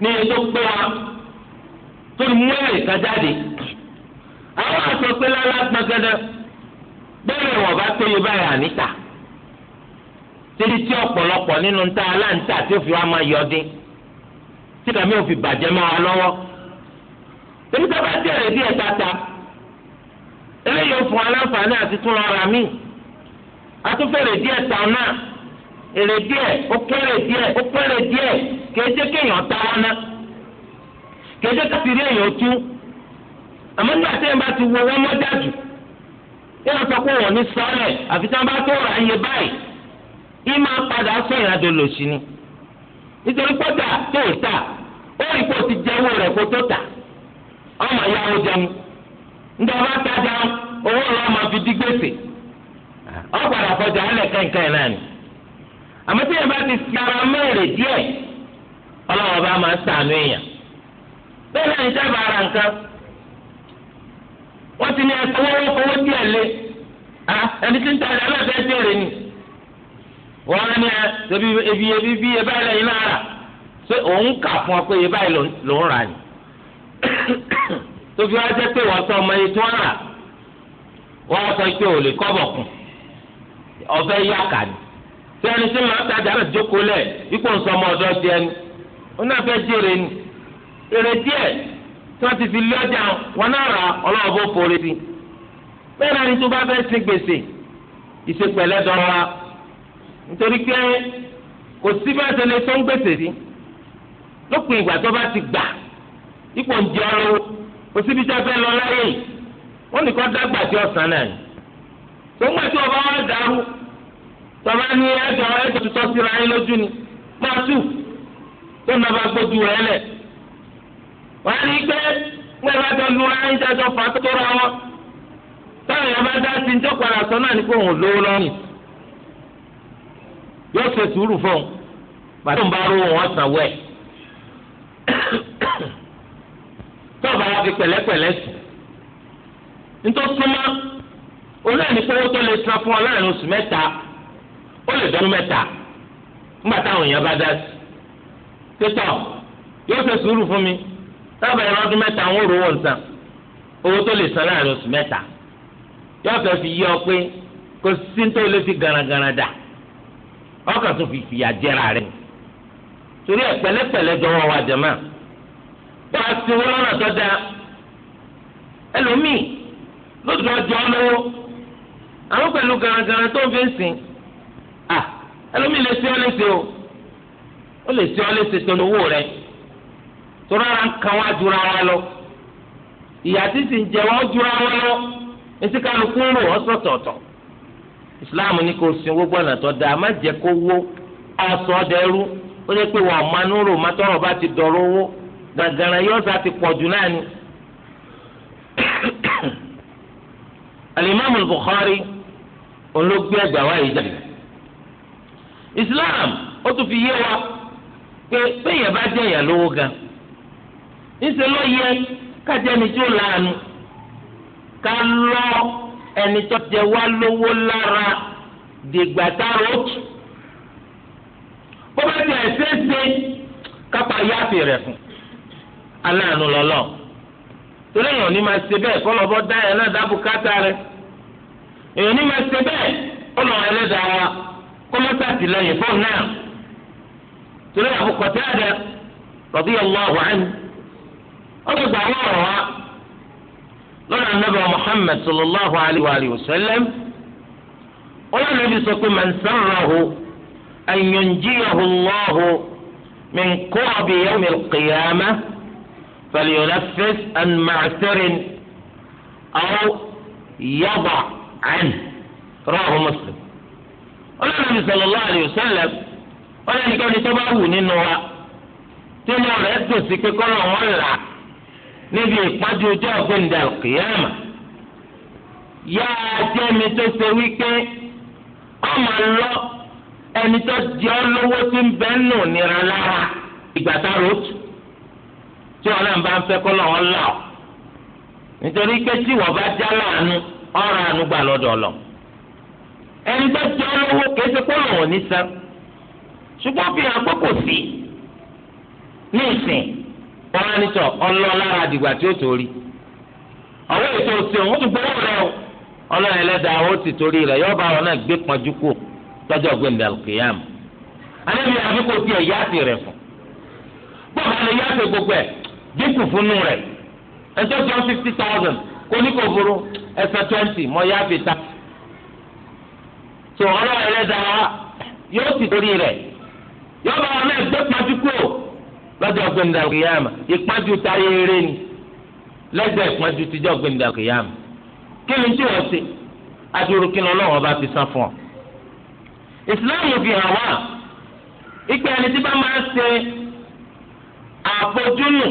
ní ètò pé wa tó ní mú èrè kan jáde àwọn àṣọ pé lálá gbọ̀ngàdà bẹ́ẹ̀ wọ́n bá péye báyìí àníta títí tí ọ̀pọ̀lọpọ̀ nínú ń ta aláǹta tí fi wá máa yọ dín tí dàmí ò fi bàjẹ́ máa wà lọ́wọ́ èmi tó bá tẹ̀lé díẹ̀ tata eléyìí ó fún aláǹfààní àti tún lọ́ra mi àtúfẹ̀rẹ̀ díẹ̀ tà náà èrè díẹ̀ ó kéré díẹ̀ ó kéré díẹ̀ kéde kéèyàn ta wọn ná kéde kásìrí èèyàn tú àmọ́ nígbà tí èèyàn bá ti wo wọ́n mọ́ dájú èèyàn sọ pé wọ́n ní sọ́ọ̀lẹ̀ àfi tí wọ́n bá tó rà á yẹ báyìí ìmọ̀ padà sọ ìrìnàjò lòsì ni. nítorí pọ́tà tó o tà ó rí kó o ti jẹ owó rẹ̀ kó tó tà ọmọ o jẹun nígbà owó fi di gbèsè ọ̀gbàrà fọjà alẹ́ kẹ́ńkẹ́ náà ni àmọ́ tí yẹn bá ti sara mẹ́rẹ̀ díẹ̀ ọlọ́wọ́ bá máa sànú èèyàn bẹ́ẹ̀ náà ní sábà ara nǹkan wọ́n ti ní ẹ̀kọ́ owó kówó díẹ̀ lé ah, ẹni tí ń ta ni. wọ́n ní ẹ tóbi ebi ebi bí ẹ báyìí lẹ́yìn náà rà ṣé òun kà fún ọ pé ẹ báyìí ló rà ni tóbi wá jẹ́ pé wọ́n sọ ọmọ yìí tó ń rà wọ́n sọ pé ò lè kọ́bọ̀ kù ọbẹ̀ yá kà ní tí ẹni tí màá tajà náà jókòó lẹ̀ ipò ń sọ ọmọ ọ̀dọ́ di ẹni wọn náà fẹ́ jèrè ni èrè díẹ̀ tí wọ́n ti fi lé ọjà wọn náà rà ọlọ́wọ́ bó forí sí bẹ́ẹ̀ náà ni tó bá fẹ́ sin gbèsè ìsepẹ̀lẹ́ dọ́ra nítorí pé kò sí bá ṣe tó ń gbèsè sí lópin ìgbà tó bá ti gbà ipò ń jẹ ọ̀rọ̀ kò síbi tí a fẹ́ lọ láyé yìí wọ́n nìkan dágbà tí ọ̀sán náà tó ọba wa dàrú tọ́ba ní ẹ̀jọ̀ ẹ̀jọ̀ tó síra yín ni máa tù tó ń gbójú á rí i pé bá lu ara ra wọn táwọn náà yóò ṣe sùúrù fún un pàtó ń bá rú wọn sàn wẹ̀ tó bá wà fi pẹ̀lẹ́pẹ̀lẹ́ sùn nítorí súnmọ́ olóòní pé owó tó lè san fún ọ láàrin oṣù mẹ́ta ó lè dọ́nu mẹ́ta nígbà táwọn èèyàn bá dá sí títọ́ yóò ṣe sùúrù fún mi táwọn ẹ̀rọ ọdún mẹ́ta ń rò wọ́n san owó tó lè san láàrin oṣù mẹ́ta yóò fẹ́ fi yí ọ pé kò sí ní tó lè fi garagara dà ọkàn tó fi fìyà jẹra rẹ torí ẹ pẹ̀lẹ́pẹ̀lẹ́ dọwọ́ wa jẹmọ bá a ti wọn lọ́nà tó dáa ẹlòmíì lójú ọjọ́ lọ́wọ́ àwọn pẹ̀lú garagara tó ń fi ń sìn à ẹlòmíì lè ṣe ọ lè ṣe o ó lè ṣe ọ lè ṣe tọ́nu owó rẹ tó rárá ń kan wá jura wa lọ ìyá títí ń jẹ wọn jura wa lọ etí kálukú ń rò ọ sọ̀tọ̀ọ̀tọ̀. So islam ní kò sin gbogbo ọ̀nà tó dáa má jẹ́ kó wó ọ̀sọ̀ dẹrú ó lè pé wọn ọ̀ma nírò má tọrọ bá ti dọ̀rọ̀ owó gàgàrà yóò sá ti pọ̀ jù náà ni. alimami bukhari olóògbé ẹgbàá wa yìí jáde islam ó tún fi yé wa pé péyẹ bá jẹ èèyàn lówó gan níṣẹ́ ló yẹ kájẹ́ni tí ó láàánú ká lọ́ọ́ ẹni tó jẹ wá lówó lára dìgbà tá a rò tù bó ẹsẹ ṣe kápá yáàfin rẹ fún aláàánú lọlọ torí èèyàn ní máa ṣe bẹ́ẹ̀ kọlọbọ dá ẹ náà dábò káta rẹ èèyàn ní máa ṣe bẹ́ẹ̀ kọlọ ẹlẹ́dàá wa kọmọtàtì lẹ́yìn náà torí wa. lọ́dọ̀ anábì muhammed sallallahu alayhi wa sallam ọlọ́run ẹbí sọ pé man sarrahu an yunjiyahu Allahu min kurbi yawmi al-qiyamah falyunaffis an ma'tarin aw yada anhu rawahu muslim ọlọ́run ẹbí sallallahu alayhi wa sallam ọlọ́run ẹbí sọ pé tó bá wù nínú wa tí mo rẹ̀ tó sí pé kọ́lọ̀ wọn là á. níbi ìpọ́njú ọjọ́ ọ̀gbìndà kìyàmà yá jẹ́mi tó ṣe wípé ọmọ lọ ẹni tó jẹ́ ọ tí ń nù nira lára ìgbà tá a tí ọlọ́run bá ń fẹ́ kọ́ lọ́wọ́ là ọ́ nítorí pé tí wọ́n bá já láàánú ọ̀rọ̀ àánú lọ́dọ̀ lọ ẹni tó jẹ́ wọn á nítọ ọlọ lára àdìgbà tí ó torí ọwọ ètò òsè òun ti gbowó rẹ o Ọlọ́run Ẹlẹ́dàá ó ti torí rẹ yọọ bá wọn náà gbé pọnjú kù lọ́jọ́ gbẹndẹ kìyàm alẹbi àbíkó tiẹ yáàtì rẹ fún bọọlù alẹ yáàtì gbogbo ẹ dínkù rẹ ẹjọ jọ fifty thousand kóníkòforo ẹsẹ twenty mọ yáàtì ta tó Ọlọ́run Ẹlẹ́dàá yóò ti torí rẹ yọọ bá wọn náà gbé pọnjú kù o. lọ́jọ́ gbẹ̀ndà kìyàmà ìpájú táyé eré ni lẹ́gbẹ̀ẹ́ ìpájú tíjọ́ gbẹ̀ndà kìyàmà kí ni tí wọ́n ṣe adúrú kí ni ọlọ́run ọba fi san fún ọ. ìsìláàmù fi hàn wá ìpè ẹni tí bá máa ń ṣe àfojúnù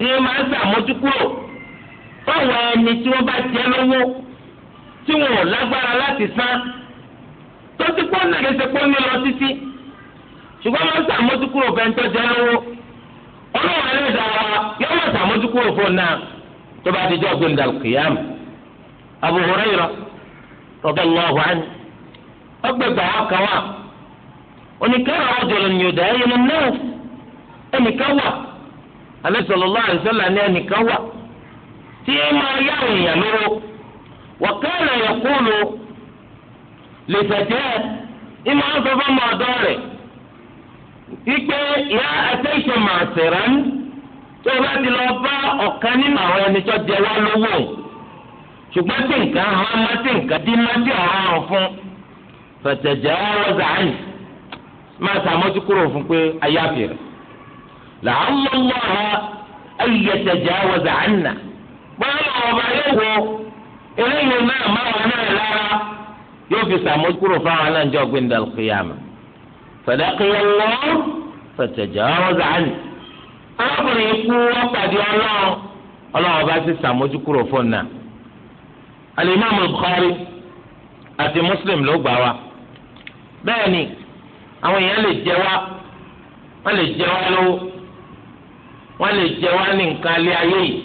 ni máa ń ṣàmójúkúrò fáwọn ẹni tí wọ́n bá jẹ́ lówó tí wọn ò lágbára láti san tó ti pọ́n náà lè ṣe pọ́n ní lọ títí. ṣùgbọ́n wọ́n sàmójúkúrò ofe tó jẹ́ lówó yọ wọ́n sàmójúkúrò fún náà tó bá ti jọ́ gbẹ̀ndà kìyàm Abu Hurayra radiyallahu anhu ọgbẹ̀gbà wa kàn wá oníkẹ́rọ̀ ọ̀jọ̀lọ̀ ni òdà ẹ̀yẹ lọ náà ẹnìkan wà alẹ́ sallallahu ala wasallam ẹnìkan wà tí ẹ máa yá èèyàn lóró wa kana yaqulu li fatah ẹ wípé ya àtẹ̀sọ̀ màá sẹ̀rán tó o bá ti lọ bá ọ̀kan nínú àwọn ẹni tó jẹ wá lówó ṣùgbọ́n tí nǹkan hàn má tí nǹkan dín má tí ọ̀rọ̀ hàn fún fẹ̀tẹ̀jẹ̀ máa sàmójú kúrò fún pé ọba yóò eléyìí náà wà náà lára yóò fi sàmójú kúrò falaqiya Allah fatajawaza anhu arákùnrin ikú wọn pàdé Ọlọ́run Ọlọ́run bá ti sàmójúkúrò fún náà alimami Bukhari àti Muslim ló gbà wá bẹ́ẹ̀ ni àwọn èèyàn lè jẹ wá wọ́n lè jẹ wá lówó wọ́n lè jẹ wá ní nǹkan alẹ́ ayé yìí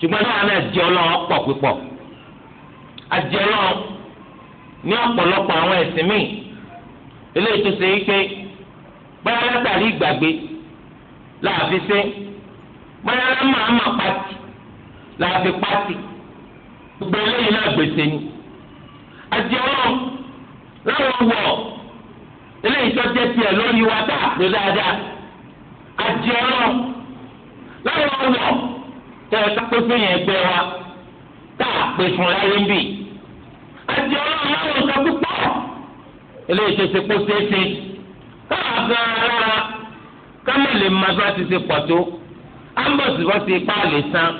ṣùgbọ́n náà náà jẹ Ọlọ́run pọ̀ pípọ̀ àjẹ Ọlọ́run ní ọ̀pọ̀lọpọ̀ àwọn ẹ̀sìn míì eléyìí tó ṣe é pé bóyá látàrí ìgbàgbé láàfin ṣe bóyá lámàmà pàtì láàfin pàtì gbogbo eléyìí náà gbèsè ni àti ọlọ́run láwọn wọ̀ eléyìí tó jẹ́ tiẹ̀ lórí wa tá àpè dáadáa àti ọlọ́run láwọn wọ̀ tẹ̀ ẹ́ sápé fún yẹn ẹgbẹ́ wa tá àpè fún láyé ń bì àti ọlọ́run láwọn sọ pé eléyìí tó ṣe kó ṣeéṣe káwá gan rárá kámẹ́ lè máa bá ti ṣe pọ̀ tó ámbọ̀sibọ́sì ipá lè san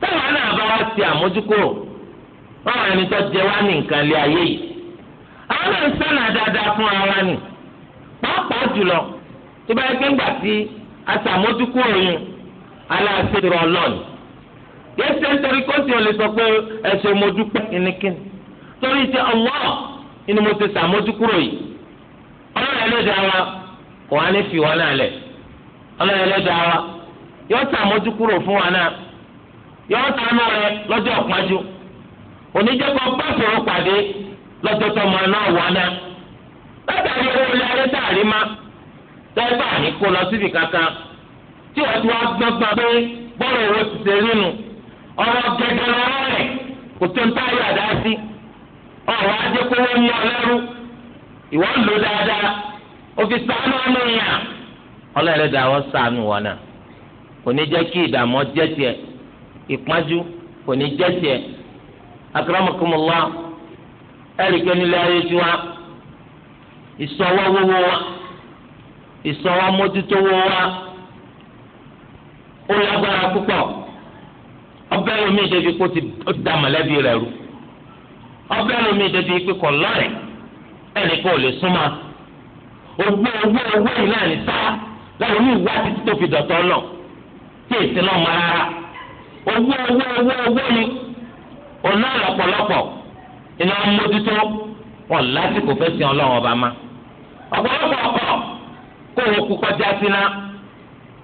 táwọn náà bá wá ṣe àmójúkúrò báwọn ẹni tó jẹ wá ní nǹkan lé ayé yìí àwọn náà ń sànà dáadáa fún ara nì pàápàá jùlọ tó bá yẹ kí ń gbà sí aṣàmójúkúrò yìí aláṣẹ ìrọ̀ lọ́nù yẹ́sẹ̀ nítorí kó sì ń lè sọ pé ẹ̀ṣẹ̀ mo dúpẹ́ kínníkínní torí ti ọ̀wọ́. inú mo ti sàmójúkúrò yìí ọlọ́run ẹlẹ́dàá wa kò wá ní fi wọn náà lẹ̀ ọlọ́run ẹlẹ́dàá wa yóò sàmójúkúrò fún wa náà yóò sànú rẹ lọ́jọ́ ọ̀pájú oníjẹ́kọ̀ pàdé lọ́jọ́ tọmọ náà wà náà látàrí owó ilé ayé tààrí má ní kó lọ síbi kankan tí wọ́n ti wá gbọ́ngbọ́n pé bọ́ọ̀lù owó ti ṣe ọ̀rọ̀ ajé kówó mú ọ lẹ́rú ìwọ ń lò dáadáa òfin sànù ọmọ yẹn ọlọ́ọ̀lẹ́dà wọ́n sànù wọn náà kò ní jẹ́ kí ìdààmú jẹ́ tiẹ̀ ìpájú kò ní jẹ́ tiẹ̀ akramakumullah ẹ̀ríkẹ́ nílé ayé tí wá ìsọwọ́ wọ́wọ́ wá ìsọwọ́ mójútó wá ó lágbára púpọ̀ ọbẹ̀ ti dá rẹ̀ rú. ọbẹ̀ lómi débi pé kọ̀ lọ́rẹ̀ ẹnì kan lè súnmọ́ ogbó ogbó ogbó yìí náà ní sá láwọn tó fi dọ̀tọ̀ lọ tí èsì náà mọ rárá ogbó ogbó ogbó ogbó ni ọ̀nà ọ̀pọ̀lọpọ̀ iná mójútó wọn lásìkò fẹ́ ọba má ọ̀pọ̀lọpọ̀ ọkọ̀ kó o kú kọjá síná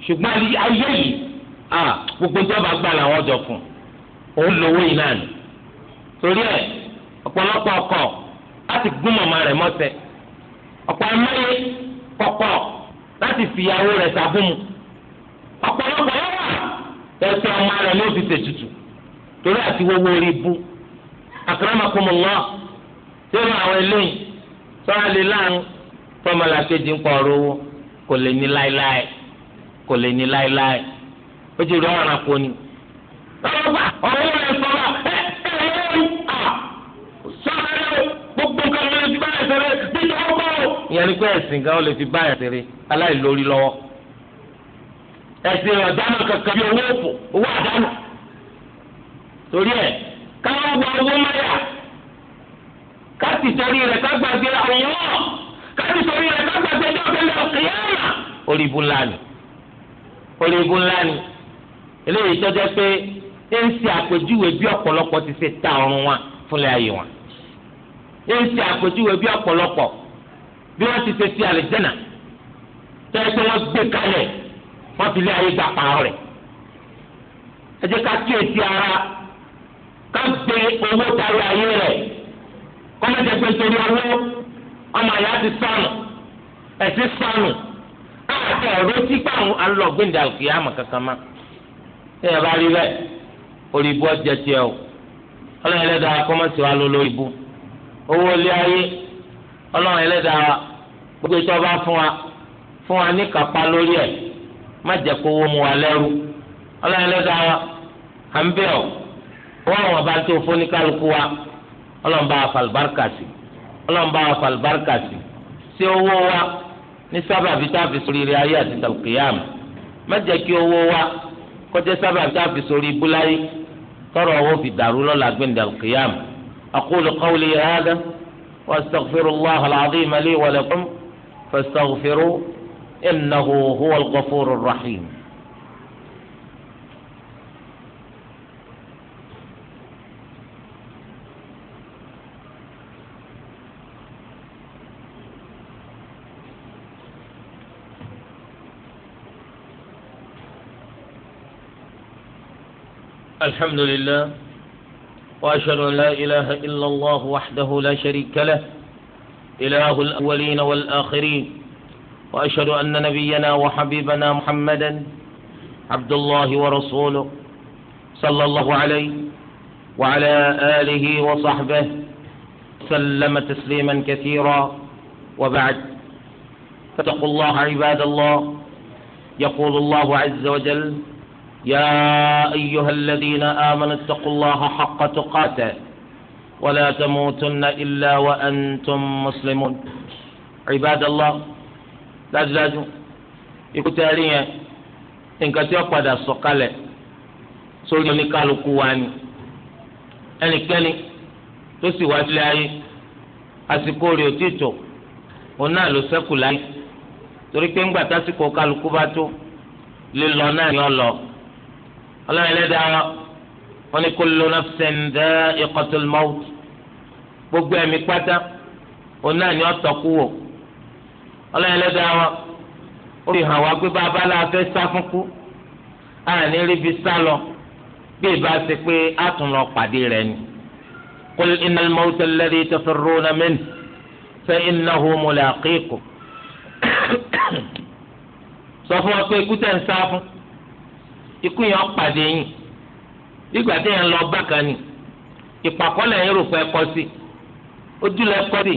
ṣùgbọ́n ayé yìí gbogbo ìjọba gbà làwọn jọ fún òun lówó yìí náà ni torí ẹ̀ ọ̀pọ̀lọpọ̀ ọkọ láti gún mọ̀mọ́ rẹ̀ mọ́sẹ̀ ọ̀pọ̀ amáyé kọ̀kọ̀ láti fìyàwó rẹ̀ sàbùmù ọ̀pọ̀lọpọ̀ ẹ̀sẹ̀ ọmọ rẹ̀ ló fi tètùtù torí àti wọ́wọ́ orí bú akramakumullah sínú àwọn eléyìí sọ́ra láàrin tọ́mọlàkejì ń kò lè ní láéláé kò lè ní láéláé ó ìyẹn ni pé ẹ̀sìn gan ó lè fi bá ẹ̀sìn rí aláìlórí lọ́wọ́ ẹ̀sìn rẹ̀ ọ̀dánù kankan bí owó òfò owó àdánù torí ẹ̀ káwọn gba owó mẹ́ta káàtì torí rẹ̀ kágbàgbé àwòrán káàtì torí rẹ̀ kágbàgbé dọ́gbẹ́lẹ́ ọ̀kẹ́yàmà orí ibu ńlá ni orí ibu ńlá ni eléyìí tọ́jọ́ pé ń ṣe àpèjúwe bí ọ̀pọ̀lọpọ̀ ti ṣe ta ọrùn wa fúnlẹ̀ ayé wọn ń ṣe àpèjúwe bí ọ̀pọ̀lọpọ̀ bí wọ́n ti ṣe sí àlìjẹ́nà tẹ́lẹ̀ tí wọ́n gbé kalẹ̀ wọ́n fi lé ayé gbà pààrọ̀ rẹ̀ ẹ jẹ́ ká ara ká gbé owó tari ayé rẹ̀ kọ́mẹ́tẹ̀ pé torí owó ọmọ àyà ti sọnù ẹ̀sìn sọnù káàkiri ẹ̀rọ tí pàrọ̀ alọ́gbìndà òkè àmọ̀ kankan má bá rí o kọ́mọ́sí wa ọlọ́run ẹlẹ́dàá wa gbogbo ètò ọba fún wa fún wa ní kápá lórí ẹ̀ má jẹ́ kó wọ́n mu wa lẹ́rú ọlọ́run ẹlẹ́dàá wa à ń bẹ̀ ọ́ wọ́n àwọn ọba tó fún ní kálukú wa ọlọ́run bá wa falùbáríkà sí ọlọ́run bá wa falùbáríkà sí sí owó wa ní sábàbí tá a fi sórí ilé ayé àti tàlùkìyàmù má jẹ́ kí owó wa kọjá sábàbí tá a fi sórí ibú tọrọ owó fi dàrú lọ́la gbẹ̀ndàlùkìyàmù aqulu qawli hada. واستغفر الله العظيم لي ولكم فاستغفروا انه هو الغفور الرحيم الحمد لله وأشهد أن لا إله إلا الله وحده لا شريك له إله الأولين والآخرين وأشهد أن نبينا وحبيبنا محمدا عبد الله ورسوله صلى الله عليه وعلى آله وصحبه سلم تسليما كثيرا وبعد فاتقوا الله عباد الله يقول الله عز وجل يا أيها الذين آمنوا اتقوا الله حق تقاته ولا تموتن إلا وأنتم مسلمون عباد الله dájúdájú ikú tẹ rí yẹn nǹkan tí ó padà sọ̀kalẹ̀ sórí oníkálukú wa ni ẹnikẹ́ni tó sì wá sílé ayé àsìkò rẹ̀ ò tí tó òun náà ló ṣẹ́kù láyé torí pé ńgbà tásìkò kálukú bá tó lílọ náà ni ó lọ ọlọ́run ẹlẹ́dàá wọn wọn ni kullu nafsin dha'iqatul maut gbogbo ẹ̀mí pátá òun náà ni ọ̀tọ̀ kú wò ọlọ́run ẹlẹ́dàá wọn ó fi hàn wá pé bàbá la fẹ́ sá fún kú àní ríbi sá lọ bí ìbá ṣe pé a tún lọ pàdé rẹ̀ ni qul innal mawta alladhi tafirruna minhu fa innahu mulaqikum sọ fún wa pé ikú ń sá fún kú. ikú yẹn ń pàdé yín nígbà tí yẹn lọ bá kan ní ìpàkọ́lẹ̀ yẹn rò fẹ́ kọ́ sí ojú lẹ kọ́ sí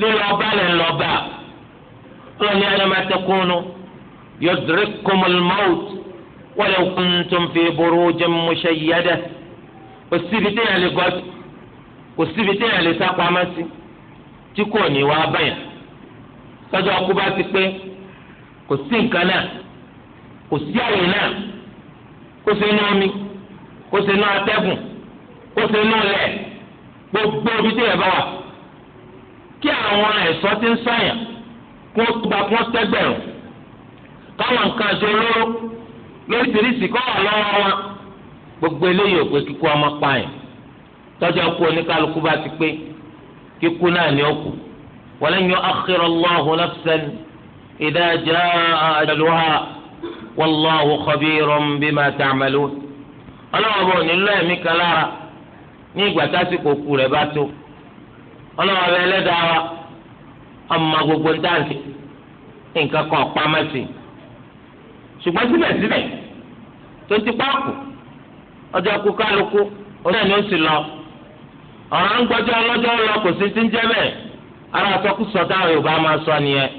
lílọ bá lẹ lọ bá ọlọ́ni alámàtẹ́kùnú fi kò síbi tí yẹn lè gọ́ sí kò síbi tí yẹn lè kò sí àyè náà kó ṣe inú omi kó ṣe inú atẹ́gùn kó ṣe inú ilẹ̀ gbogbo ibi tí ẹ bá wà kí àwọn ẹ̀ṣọ́ ti ń sàyàn kó gba kó tẹ́gbẹ̀rún káwọn nǹkan ṣe olóró lóríṣiríṣi kọ́ wà lọ́wọ́ wọn gbogbo eléyìí ò pé kíkú ọmọ pààyàn tọ́jà kú oníkálukú bá ti pé kíkú náà ni ó kù wallahu khabirun bima ta'malun ọlọ́wọ́ ma nílò ẹ̀mí kan lára ní ìgbà tásìkò kù rẹ̀ bá tó ọlọ́wọ́ bẹ ẹlẹ́dàá wa ọmọ gbogbo ń dáǹsì nǹkan kan pamẹ́sì ṣùgbọ́n síbẹ̀síbẹ̀ tó ti ọjọ́ kú kálukú ó sì lọ ọ̀rọ̀ ń lọ kò sí ti ń jẹ́ bẹ́ẹ̀ ara sọkúsọ táwọn Yorùbá máa sọ nìyẹn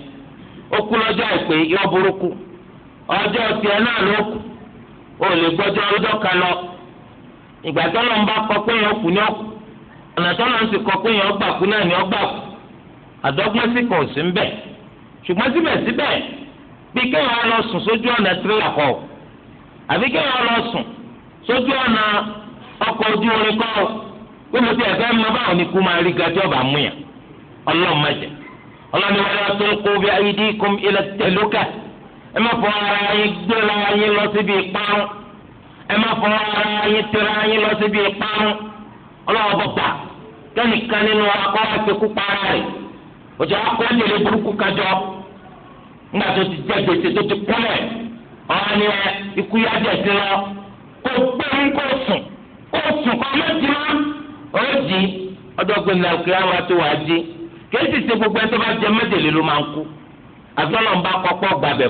ó kú lọ́jọ́ àìpé burúkú. ọjọ́ tiẹ̀ náà ló kù ó lè gbọ́jọ́ ọjọ́ kan lọ ìgbà tó lọ́n bá kọ pé yẹn kù ní ọkù ọ̀nà tó lọ́n sì kọ pé yẹn kú náà àdọ́gbọ́n sì kàn sí ṣùgbọ́n síbẹ̀síbẹ̀ bí kéèyàn lọ sùn sójú ọ̀nà kọ àbí kéèyàn lọ sùn sójú ọ̀nà ọkọ̀ ojú orin mo ti ẹ̀fẹ́ mọ báwọn ni kú máa rí gajọ́ bá mú yàn ọlọ́ọ̀ má jẹ ẹ má fọ ara yín gbéra yín lọ síbi ìparun ẹ má fọ ara yín tẹ̀ra yín lọ síbi ìparun ọlọ́wọ́ bọ̀tà kẹ́nìkan nínú akọ́wà ìsekú para rẹ̀ òjò akọ́lẹ̀ lè burúkú kájọ ńgbà tó ti jẹ gbèsè tó ti kúnlẹ̀ ọ̀hún ni ikú yá jẹ̀ sí lọ kó gbé ń kó sùn kó sùn kó má ti má ọjọ́ àwọn àti wàá jí kí gbogbo ẹ tó bá jẹ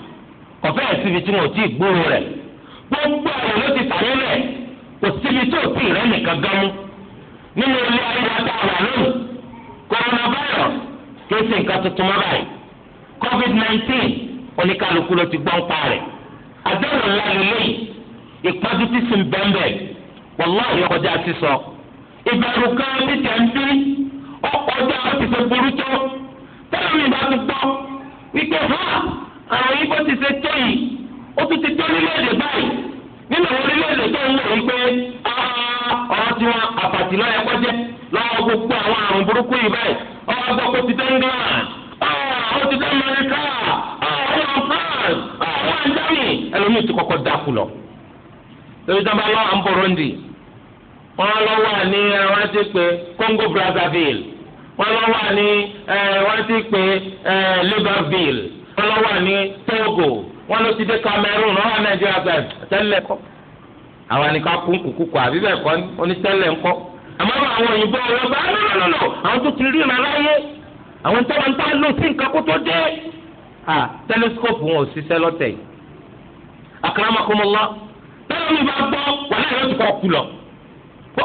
kọfẹ́ síbi tí wọn ò tí ì gbúrò rẹ̀ gbogbo ọ̀rọ̀ ló ti tàyé rẹ̀ kò síbi tó ti rẹ̀ nìkan gánmú nínú ilé ayélujára tá a wà lónìí coronavirus kìí ṣe nǹkan tuntun mọ́ báyìí covid nineteen oníkálukú ló ti gbọ́ ń pa rẹ̀ àdéhùn ńlá lélẹ́yìn ìpàdé ti sìn bẹ́ńbẹ́ wàláhì ọkọjá ti sọ ìbẹ̀rù kan ti tẹ̀ ń bí ọkọjá ti ṣe burú tó tẹ́lẹ̀ mi bá ti gbọ́ wípé hàn àwọn yìí bó ti ṣe tó yìí ó tún ti tó orílẹ̀-èdè báyìí nínú àwọn orílẹ̀-èdè tó ń wọ̀ wípé ọ̀rọ̀ tí wọn àpàtì lọ́yẹ kọjẹ́ lọ́wọ́ gbogbo àwọn àrùn burúkú yìí báyìí ọ̀rọ̀ gbọ́ kó ti dé England ó ti dé America àwọn France àwọn Germany ẹlòmíì ti kọ́kọ́ dákú lọ. lórí sábà lọ́wọ́ à ń Burundi wọ́n lọ wà ní wọ́n ti pè Congo Brazzaville wọ́n lọ wà ní wọ́n ti pè Libreville wọn lọ wà ní Togo wọn ló ti dé Cameroon wọn wà Nàìjíríà gbà tẹ́lẹ̀ kọ́ àwọn àníkà kún kùkùkù àbí bẹ́ẹ̀ kọ́ onítẹ́lẹ̀ ńkọ́ àmọ́ àwọn òyìnbó ọ̀rọ̀ gbà lọ́lọ́lọ́ àwọn tó ti rí ìrànláyé àwọn tó wọn tó lò sí nǹkan kó tó dé à tẹlẹsikópù wọn ò ṣiṣẹ́ lọ́tẹ̀ yìí àkàràmàkọ́mọ́lá tẹ́lẹ̀ mi bá gbọ́ wàhálà yóò ti kọ́ kú lọ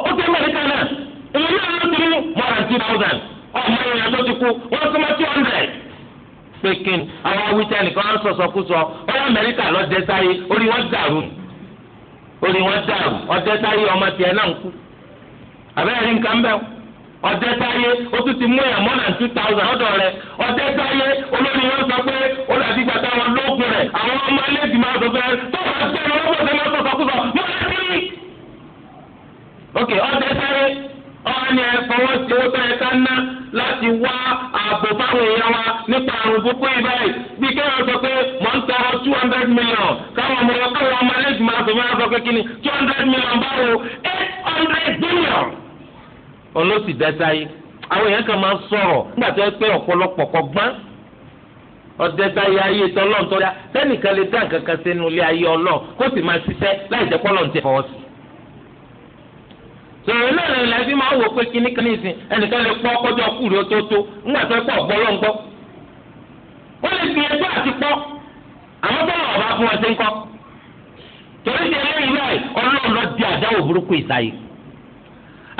ó ti mẹ́rin kan náà èmi náà ló ti mú more than thousand ọmọ ìrìn àjò ti kú wọ́n tún mọ́ two hundred. pé kí ni àwọn awítẹ́ nìkan wọ́n sọ̀sọ̀kúsọ ọ̀rọ̀ amẹ́ríkà lọ dé sáyé orí wọn dàrú orí wọn dàrú ọdẹ sáyé ọmọ tiẹ̀ náà ń kú àbẹ́rẹ́ nǹkan bẹ́ẹ̀ ọdẹ táyé ó tún ti mú èèyàn mọ́ náà two thousand ọdọ ok ọ̀rẹ́ni ẹ fọwọ́ sí owó tó yẹ ká ná láti wá ààbò fáwọn èèyàn wa nípa àrùn burúkú yìí bí kéwọn sọ pé mọ̀ ń tọrọ two hundred million káwọn ọmọ wọn káwọn ọmọ alẹ́ ìgbìmọ̀ àfẹ́mọ́ sọ pé kí ni two hundred million báwo eight hundred billion. olóòsì dẹ́sá yìí àwọn èèyàn kan máa ń sọ̀rọ̀ nígbà tó yẹ pé ọ̀pọ̀lọpọ̀ kọ gbọ́n ọ̀dẹ́gbà yẹ ayé tọ́lọ́ntọ́lá sẹ́nìkan lè dá nǹkan kan sínú ilé ayé ọlọ́ọ̀ kó sì máa ṣiṣẹ́ láì jẹ́ pọ́lọ́ǹtì fọwọ́ sọ̀rọ̀ náà lè lẹ́bí máa wò pé kíní kan nìsín ẹnìkan lè pọ́ kọjọ́ kù rí otótó ńgbà tó pọ̀ gbọ́lọ́ ńgbọ́. ó lè fi ẹjọ́ àti pọ́ àwọn tó lọ ọ̀bá fún ọtí ńkọ́. torí ti eléyìí báyìí ọlọ́run lọ di àdáwò burúkú ìsáyé.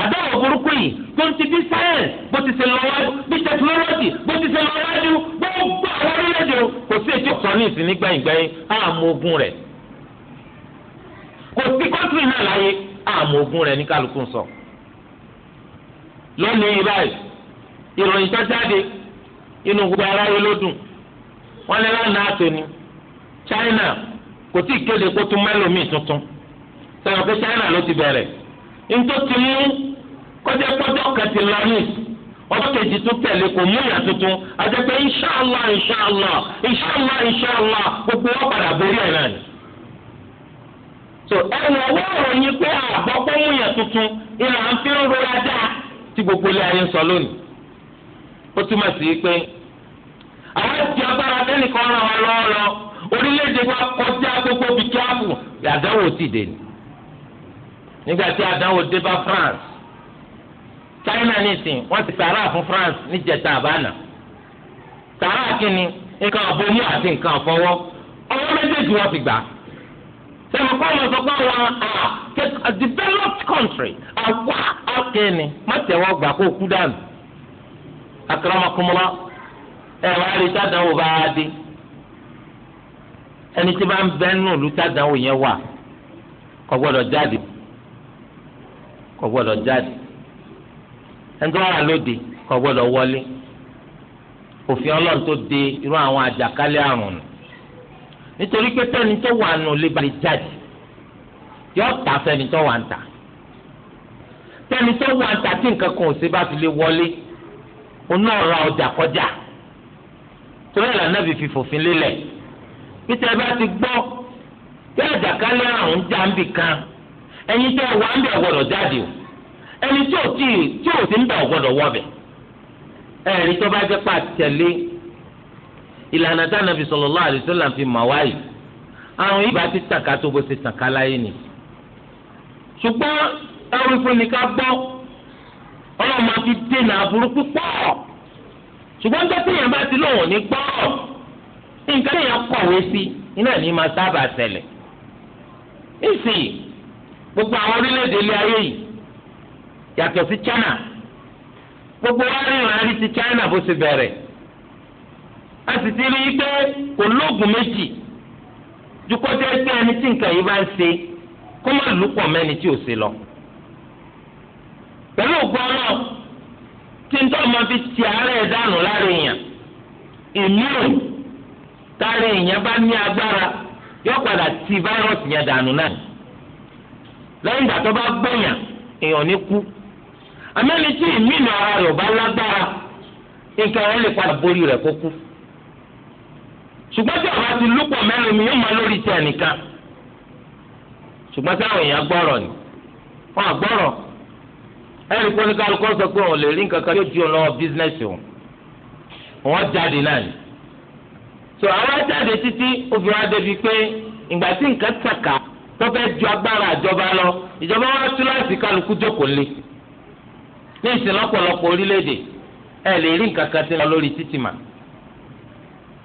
àdáwò burúkú yìí tó ti bí sáyẹ̀nsì bó ti ṣe lọ wájú bí tẹkinọ́lọ́jì bó ti ṣe lọ wájú gbogbo àwọn orílẹ̀-èdè kò sí ètò àmọ́ ogun rẹ ní kálukú sọ. lónìí yìí báyìí ìròyìn tó jáde inú gbogbo aráyé ló dùn wọ́n lé lánàá China kò tí ì kéde kó tún tuntun sọ̀rọ̀ China ló ti bẹ̀rẹ̀ nítorí ti mú kọjá kọjá ti ọdún kejì tó tẹ̀lé kò mú ìyà tuntun àti so ẹnu ọwọ́ onye pé àgbọ̀pọ̀ múyàn tuntun ìlà ń fi ń rora dáa tí gbogbo ilé ayé ń sọ lónìí ó túmọ̀ sí pé àwọn ti agbára tẹ́nìkan ràn wá lọ́wọ́ lọ orílẹ̀-èdè wa kọjá gbogbo àdánwò ti dé ni nígbà tí àdánwò dé bá France China nìsín wọ́n ti sàrà fún France níjẹta àbánà sàrà kínní nǹkan àbomú àti nǹkan àfọwọ́ ọwọ́ méjèèjì wọ́n ti gbà á. sẹ́wọ̀n kọ́ wọn sọ pé wọn a developed country àwa akéènì má tẹ̀wọ́ gbà kó kú dànù. akramakumullah ẹ wá rí sádàwọ̀ bá a dé ẹni tí bá ń bẹ́ nù lù sádàwọ̀ yẹn wà kò gbọ́dọ̀ jáde kò gbọ́dọ̀ jáde ẹni wà lóde kò gbọ́dọ̀ wọlé òfin ọlọ́run tó de irú àwọn àjàkálẹ̀ àrùn nù nítorí pé tẹ́ni tó wà nù lè balẹ̀ jáde yọ ta fẹ́ni tó wà ń ta tẹ́ni tó wà ń ta tí nǹkan kan ò sí bá fi lè wọlé oná ọ̀ra ọjà kọjá torí ẹ̀rọ náà fi fòfin lélẹ̀ pété bá ti gbọ́ bí àjàkálẹ̀ àrùn já ń bì kan ẹni tó wà ń bẹ̀ gbọ́dọ̀ jáde o ẹni tí ò tí ò sí ń bẹ̀ gbọ́dọ̀ wọ̀ bẹ̀ ẹ̀rí tó bá jẹ́ pàtẹ́lẹ́ ìlànà tá ànábì sallallahu alaihi wasallam fi mà wáyé àrùn yìí bá ti tàn ká tó bó ti tàn ká láyé ni. ṣùgbọ́n ẹrù fún ni ká gbọ́ ọlọ́run máa fi dènà aburú púpọ̀ ṣùgbọ́n tó téèyàn bá ti lóun ò ní gbọ́ nǹkan téèyàn kọ̀wé sí iná ní máa sábà ṣẹlẹ̀ nísìnyí gbogbo àwọn orílẹ̀-èdè ilé ayé yìí yàtọ̀ sí China gbogbo wa rí ìrìn àrí ti China bó ti bẹ̀rẹ̀ a sì ti rí i pé kò lóògùn méjì dukọ tẹ pé ẹni tí nǹkan yìí bá ń ṣe kó má lùpọ̀ mẹ́ni tí ò ṣe lọ. pẹ̀lú ògbọ́n náà tí ń tọ́ ọmọ fi ti àárẹ̀ dànù lára èèyàn ìmíràn tára èèyàn bá ní agbára yóò padà ti fáírọ́ọ̀sì yẹn dànù náà. lẹ́yìn ìgbà tó bá gbẹ̀yàn èèyàn ní kú. àmẹ́ni tí ìmíràn ara rẹ̀ ò bá lágbára nǹkan rẹ̀ lè padà borí rẹ̀ kó kú ṣùgbọ́n tí ọba ti lúpọ̀ mẹ́rin mi yóò máa lórí ti ẹnìkan ṣùgbọ́n táwọn èèyàn gbọ́rọ̀ ni wọ́n àgbọ́rọ̀ ẹnì kan ní kálukọ́ sọ pé òun lè rí nǹkan kan yóò di òun lọ́wọ́ bísínẹ́sì òun jáde náà ni so àwọn jáde títí obìnrin adébí pé ìgbà tí nǹkan tàkà tó fẹ́ ju agbára ìjọba lọ ìjọba wa tú láti kálukú jókòó lé ní ìsìn lọ́pọ̀lọpọ̀ orílẹ̀-èdè ẹ lè rí nǹkan kan tí lọ lórí títì màá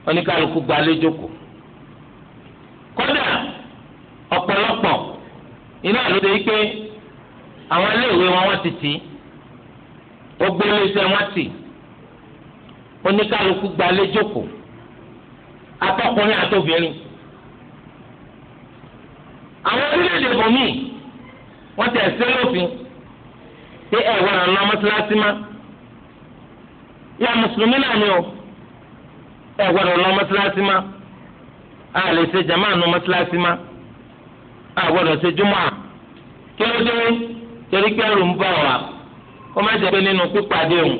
oníkálukú gba lójókòó kódà ọ̀pọ̀lọpọ̀ iná ló dé pé àwọn iléèwé wọn wọ́n ti tì í gbogbo iléeṣẹ́ wọn tì oníkálukú gba lójókòó atọkùnrin àtobìnrin àwọn orílẹ̀-èdè bòmí wọ́n tẹ̀ sí lófin pé ẹ̀wọ̀n àná mọ́tíláṣí má ya mùsùlùmí náà ni o ẹ gbọ́dọ̀ lọ mọ́sálásí má a lè ṣe jàmáà nu mọ́sálásí má a gbọ́dọ̀ ṣe júmọ́ à kí ló dé torí pé ẹrù ń bá wa kó má jẹ́ pé nínú pípadé òun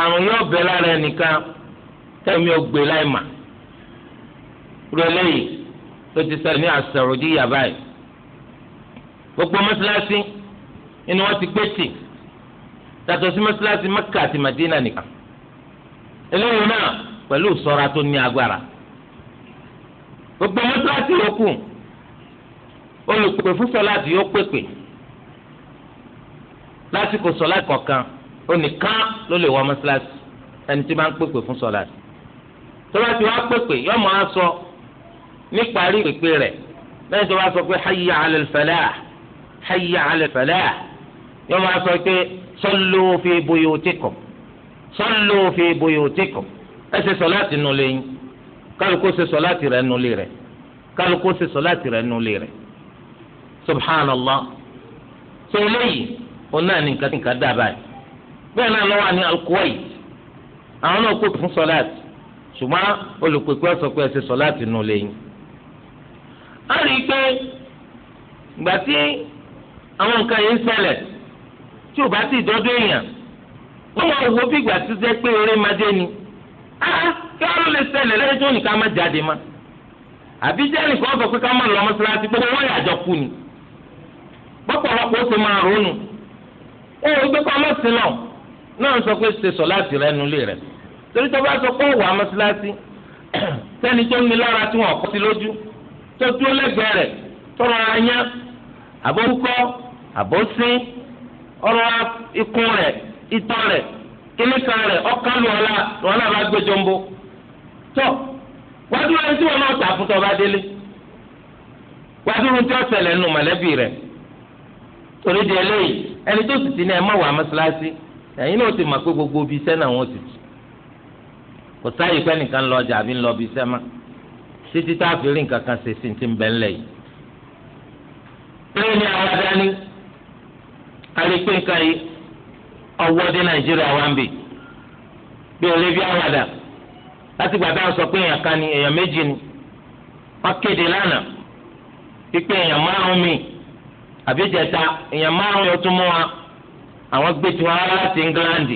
àrùn yóò bẹ lára ẹnìkan tẹ̀mí ó gbé láì mà rẹlẹ́yìí ló ti sẹ́yìn ní àṣàròdì yàrá yìí gbogbo mọ́sálásí inú wọn ti pé tì yàtọ̀ sí mọ́sálásí Mẹ́kà àti Màdínà nìkan eléyìí náà pẹ̀lú ìṣọ́ra tó ní agbára gbogbo mọ́tíláṣí yòókù olùpèpè fún sọ́láàtì yóò pèpè lásìkò sọ́láàtì kọ̀ọ̀kan onìkan ló lè wọ mọ́tíláṣí ẹni tí bá ń pèpè fún sọ́láàtì tó bá ti wá pèpè yóò máa sọ níparí pèpè rẹ̀ lẹ́yìn tó bá sọ pé hayya ala al-falah hayya ala al-falah yóò máa sọ pé sallu fi buyutikum sallu fi buyutikum. ẹ ṣe sọ láti nu lé yín kálukó ṣe sọ láti rẹ lé rẹ kálukó rẹ lé rẹ subhanallah òun náà al ẹ lé yín a rí i pé ìgbà tí àwọn nǹkan yìí ń ṣẹlẹ̀ tí ò bá ti dọ́dọ̀ èèyàn wọ́n máa wo bí pé eré máa dé ni Ah, kí wọn lè le lẹ́yìn tó nìkan má jáde ma àbí jẹ́ nìkan sọ pé ká má lọ mọ́ṣáláṣí gbogbo wọn yà jọ kú ni pọ́pọ́lọpọ́ ó ti máa ronú ó rí pé kọ́ mọ́sí náà náà sọ pé ṣe sọ rẹ rẹ torí tó bá sọ pé ó wà sẹ́ni tó kíní kan rẹ̀ ọ̀kan lu na lọ́wọ́ náà bá gbé jombo tó wájú ẹni tí wọn náà tà fún tọba délé wájú ẹni tí wọn ṣẹlẹ̀ nù mọ̀lẹ́bí rẹ̀ torí di eléyìí ẹni tó sì ti ní ẹ má wà mọ́ṣáláṣí ẹ̀yin náà ti mọ̀ pé gbogbo ibi iṣẹ́ náà wọ́n ti kò pé nìkan lọ ọjà àbí ńlọ ibi iṣẹ́ má títí tá a fi rí nǹkan kan ṣe sí ti ń bẹ́ ńlẹ̀ ọwọ́ dé nàìjíríà wá ń bì bí olè bí àwàdà láti gbà dáhùn sọ pé èèyàn kan ni èèyàn méjì ni wọ́n kéde lánàá pípé èèyàn márùn mi àbí jẹta èèyàn márùn yóò tún mú wa àwọn gbé tiwọn wá láti England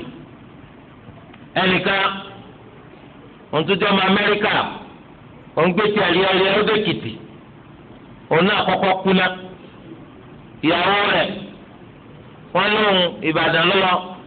ẹnìkan òun tún jẹ́ ọmọ Amẹ́ríkà òun gbé tí àlẹ́ ọlẹ́ òun náà kọ́kọ́ kú ìyàwó rẹ̀ wọ́n lóun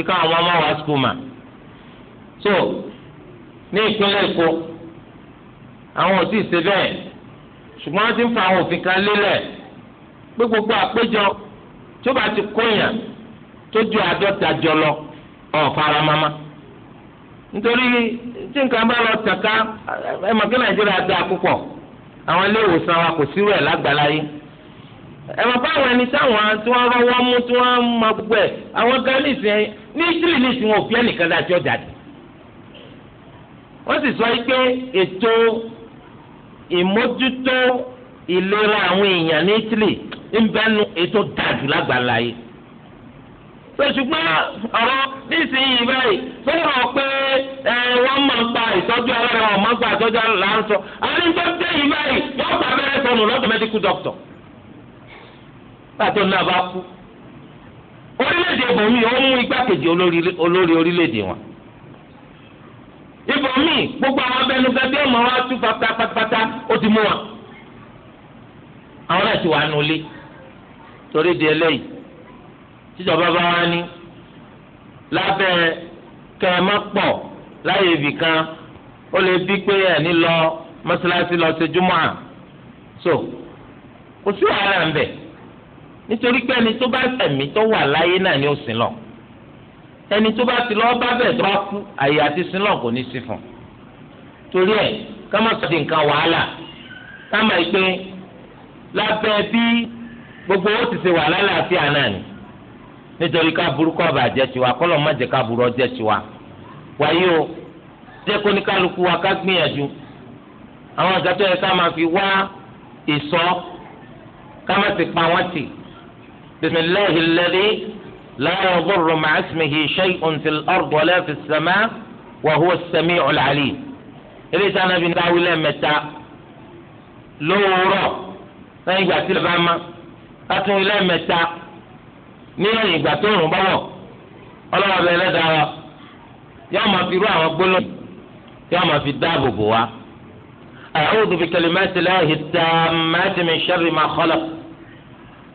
si ka ọmọ wa skul so ní ìpínlẹ̀ Èkó àwọn ò tí ì ṣe bẹ́ẹ̀ ṣùgbọ́n wọ́n ti ń gbogbo àpéjọ bá ti kóyàn tó ju àádọ́ta jọ lọ ọ̀faramama nítorí tí nǹkan bá lọ tàka ẹ mọ̀ kí Nàìjíríà dáa púpọ̀ àwọn wa kò lágbàláyé ẹ̀rọ báwọn ẹni táwọn tí wọ́n rọwọ́ mú tí wọ́n mọ gbogbo ní Italy ní ìsìn wọn ò fi ẹnìkan dá tí ó jáde wọ́n sì sọ pé ètò ìmójútó ìlera àwọn èèyàn ní Italy ń bẹ nu ètò dájú lágbàlá yìí ṣùgbọ́n ọ̀rọ̀ nísìnyí báyìí sọ̀rọ̀ pé wọ́n máa ń pa ìtọ́jú ara rẹ̀ wọ́n máa ń pa ìtọ́jú ara rẹ̀ là ń sọ báyìí wọ́n gbà bẹ́rẹ̀ sọnù lọ́dọ̀ mẹ́díkù dọ́kítọ̀ pàtó náà bá kú orílẹ̀-èdè ibòmíì ó mú igbákejì olórí orílẹ̀-èdè wọn ibòmíì gbogbo àwọn abẹnugan tí ọmọ wa tú pátápátá ó ti mú wọn àwọn náà ti wà nulẹ̀ torí di eléyìí tíjọba bá wá ní lábẹ́ kẹ́ẹ̀mọ́ pọ̀ láyé ibì kan ó lè bí pé ẹ̀ lọ mọ́ṣáláṣí lọ ṣe júmọ́ à so kò sí wàhálà ń bẹ̀ nítorí pé ẹni tó bá sẹ̀mí tó wà láyé náà ni ó sin lọ ẹni tó bá ti lọ́ọ́ bá bẹ̀ tó bá kú àyè àti sin lọ kò ní sí fún torí ẹ̀ ká má sọ di nǹkan wàhálà ká má yí pé lábẹ́ bí gbogbo ó ti ṣe wà lálàáfíà náà ni nítorí ká burúkọ bàjẹ́ tiwa kọ́lọ́ má jẹ́ ká burú ọjẹ́ tiwa wáyé o jẹ́ kó ní kálukú wa ká gbìyànjú àwọn àgbàtọ́ yẹ ká máa fi wá ìsọ ká má ti pa wọ́n tì. بسم الله الذي لا يضر مع اسمه شيء في الارض ولا في السماء وهو السميع العليم إذا أنا بن داوي لم يتع لورا فإن جاءت الغامة أتن لم يتع نيان يجاتون بابا الله أبي لدى يوم في روح وقبل يوم في الداب بوا أعوذ بكلمات الله التامات من شر ما خلق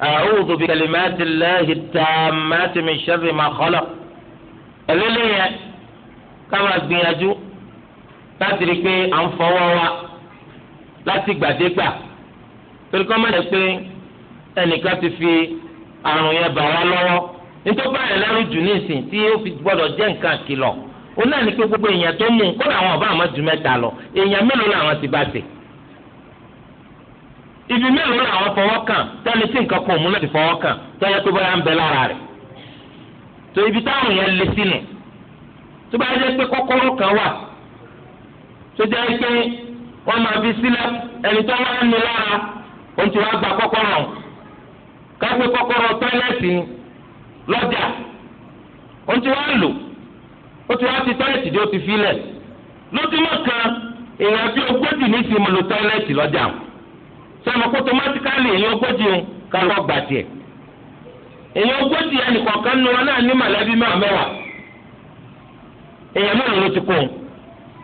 أعوذ بكلمات الله llahi من شر ما خلق khalaq كما yẹn ká máa gbìyànjú láti rí i pé à ń fọwọ́ wa láti gbàdégbà torí kọ́ máa jẹ́ pé ẹnìkan ti fi àrùn yẹn bà wá lọ́wọ́ nítorí báyìí lẹ́rù jù tí ó fi gbọ́dọ̀ jẹ́ nǹkan kìlọ̀ ó náà ní pé gbogbo èèyàn tó mú un kó làwọn ọba àmọ́ ju mẹ́ta lọ èèyàn mélòó làwọn ti bá tẹ̀ ibi mélòó làwọn fọwọ́ kàn tẹ́lẹ̀ tí nǹkan kan mú láti fọwọ́ kàn tẹ́lẹ̀ tó báyà ń bẹ lára rẹ̀ tó ibi táwọn yẹn lé sínú tó bá yẹ pé kọ́kọ́rọ́ kan wà tó jẹ́ pé wọ́n máa fi sílẹ̀ ẹni tó wá ń nu lára òun ti wá gba kọ́kọ́rọ́ kápẹ́ kọ́kọ́rọ́ tọ́lẹ́tì lọ́jà òun ti wá lò ó ti wá ti tọ́lẹ́tì tí ó ti filẹ̀ lójúmọ́ kan èèyàn bí ogójì ní ìsinmi lo tọ́lẹ́tì lọ́jà sẹ́mi kó tomátíkálì èyí ogójì ń kálọ́ gbà tiẹ̀ èyí ogójì ẹnì kọ̀ọ̀kan nu wọn náà ní mọ̀lẹ́bí mẹ́wàá mẹ́wàá èyàn mẹ́rin ló ti kó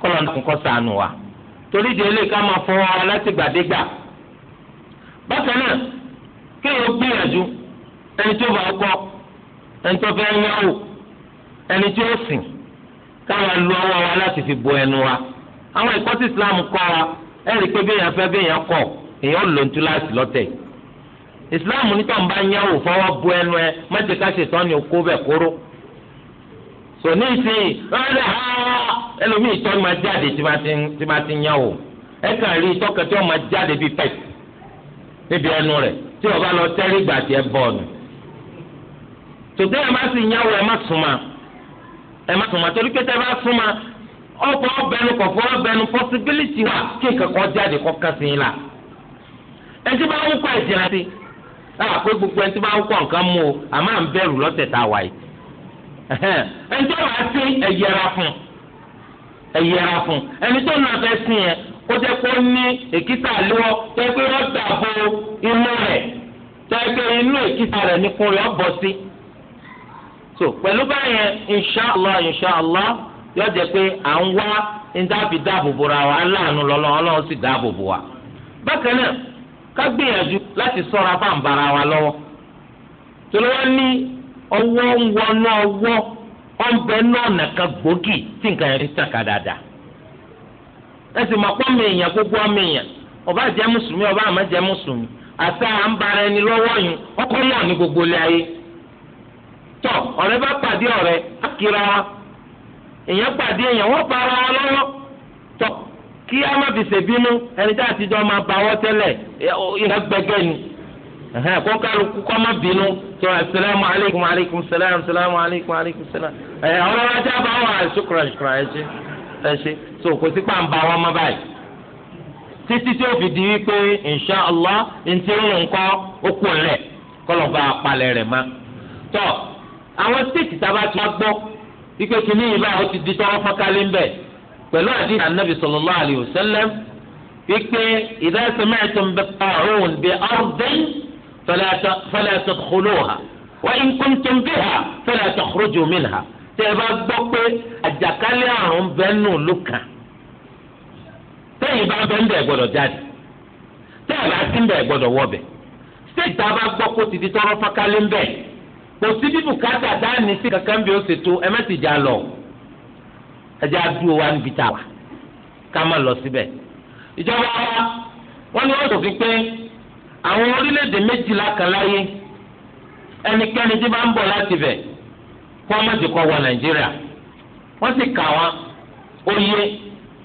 kọ́lọ̀ nǹkan sànù wa torí di eléyìí ká máa fọwọ́ wa láti gbàdégbà bákan náà kéèyàn gbìyànjú ẹni tó bá ẹni tó fẹ́ ẹni tó sìn káwa lu ọwọ́ wa láti fi bo ẹnu wa àwọn ìkọ́sí Islam kọ́ wa ẹ̀rí pé béèyàn fẹ́ kọ́ èèyàn lò ń tú lọ́tẹ̀ islam nítorí wọn bá yẹwò fọwọ́ bu ẹnu ẹ mẹ́tẹ̀ ká ṣètò ọ̀nà òkú bẹ̀ kóró sọ ní ìsìn ọ̀rẹ́ ha ẹlòmíì tọ́ ma jáde tí ma ti yẹwò ẹ kàn rí tọ́kẹ́ tí wọ́n ma jáde bíi pẹ́t níbi ẹnu rẹ̀ tí wọ́n bá lọ tẹ́rí gbà tiẹ̀ bọ́ọ̀nù tòtẹ́ ẹ má sì yẹwò ẹ má súnmọ́ ẹ má súnmọ́ torí pé tẹ́ bá súnmọ́ ọkọ̀ ọbẹ̀nu kọ̀ọ̀fọ̀ ọbẹ̀nu possibility wà kí nǹkan kan jáde kọ́ la. ẹtí bá wúkọ ẹ̀jìnà sí láwọn àpé gbogbo ẹtí bá wúkọ nǹkan mú o ń tá a wà yìí ẹni tó wàá ẹ̀yẹra fún ẹ̀yẹra fún ẹni tó nà fẹ́ sí yẹn kó jẹ́ kó ní èkìtà lọ́wọ́ tó pé imo bo inú rẹ̀ tó pé inú èkìtà rẹ̀ so pẹ̀lú báyẹn inṣàlá inṣàlá yóò jẹ́ pé à ń wá ní dábì dáàbò bora wa aláàánú lọ́lọ́ ọlọ́run sì dáàbò bò wa. ká gbìyànjú láti sọra bá bara wa lọ́wọ́ torí ní ọwọ́ ń wọnú ọwọ́ ọ̀nbẹ náà nàka gbòógì tí nǹkan yẹn ti tàkà dáadáa ẹ sì pọ́ mi èèyàn gbogbo ọmọ èèyàn ọba jẹ́ mùsùlùmí ọba àmọ́ jẹ́ mùsùlùmí àti ẹni lọ́wọ́ yìí tọ ọ̀rẹ́ bá pàdé ọ̀rẹ́ wa èèyàn pàdé wa lọ́wọ́ tọ kí a má fi ṣèbínú ẹni tí ma máa bawọ́ tẹ́lẹ̀ ìhà gbẹgẹ́ ni kó kálukú kọ́ má bínú tó asalaamu aleykum salaam salaamu salaam ọ̀rọ̀ wa já bá wà ṣukura so kò sí pàǹbà wọn má báyìí títí tí ó fi di wípé insha allah ntí ń nǹkan ó kù bá a palẹ̀ rẹ̀ mọ́ àwọn stéètì tá a bá ti pẹ̀lú àdìsí anabi sallallahu alayhi wa sallam wípé idha sami'tum bit-ta'un bi ardin fala tadkhuluha wa in kuntum biha fala takhruju minha tẹ́ ẹ bá gbọ́ pé àjàkálẹ̀ àrùn bẹ́ẹ̀ nù lùkàn tẹ́yìn bá bẹ́ẹ̀ ń bẹ̀ gbọ́dọ̀ jáde tẹ́yìn bá ti ń bẹ̀ gbọ́dọ̀ wọ̀ bẹ̀ bá gbọ́ kó ti di tọrọ fákálẹ̀ ń bẹ̀ kò sí bíbù káàtà dáa ní sí kankan bí ó ẹjẹ adúró wa níbi tá a wà ká má lọ síbẹ̀. ìjọba wa wọ́n ní wọ́n ṣòfin pé àwọn orílẹ̀-èdè méjìlá kan láyé ẹnikẹ́ni tí bá ń bọ̀ láti bẹ̀ kó ọmọ ti kọ́ wọ nàìjíríà wọ́n sì kà wọ́n ó yé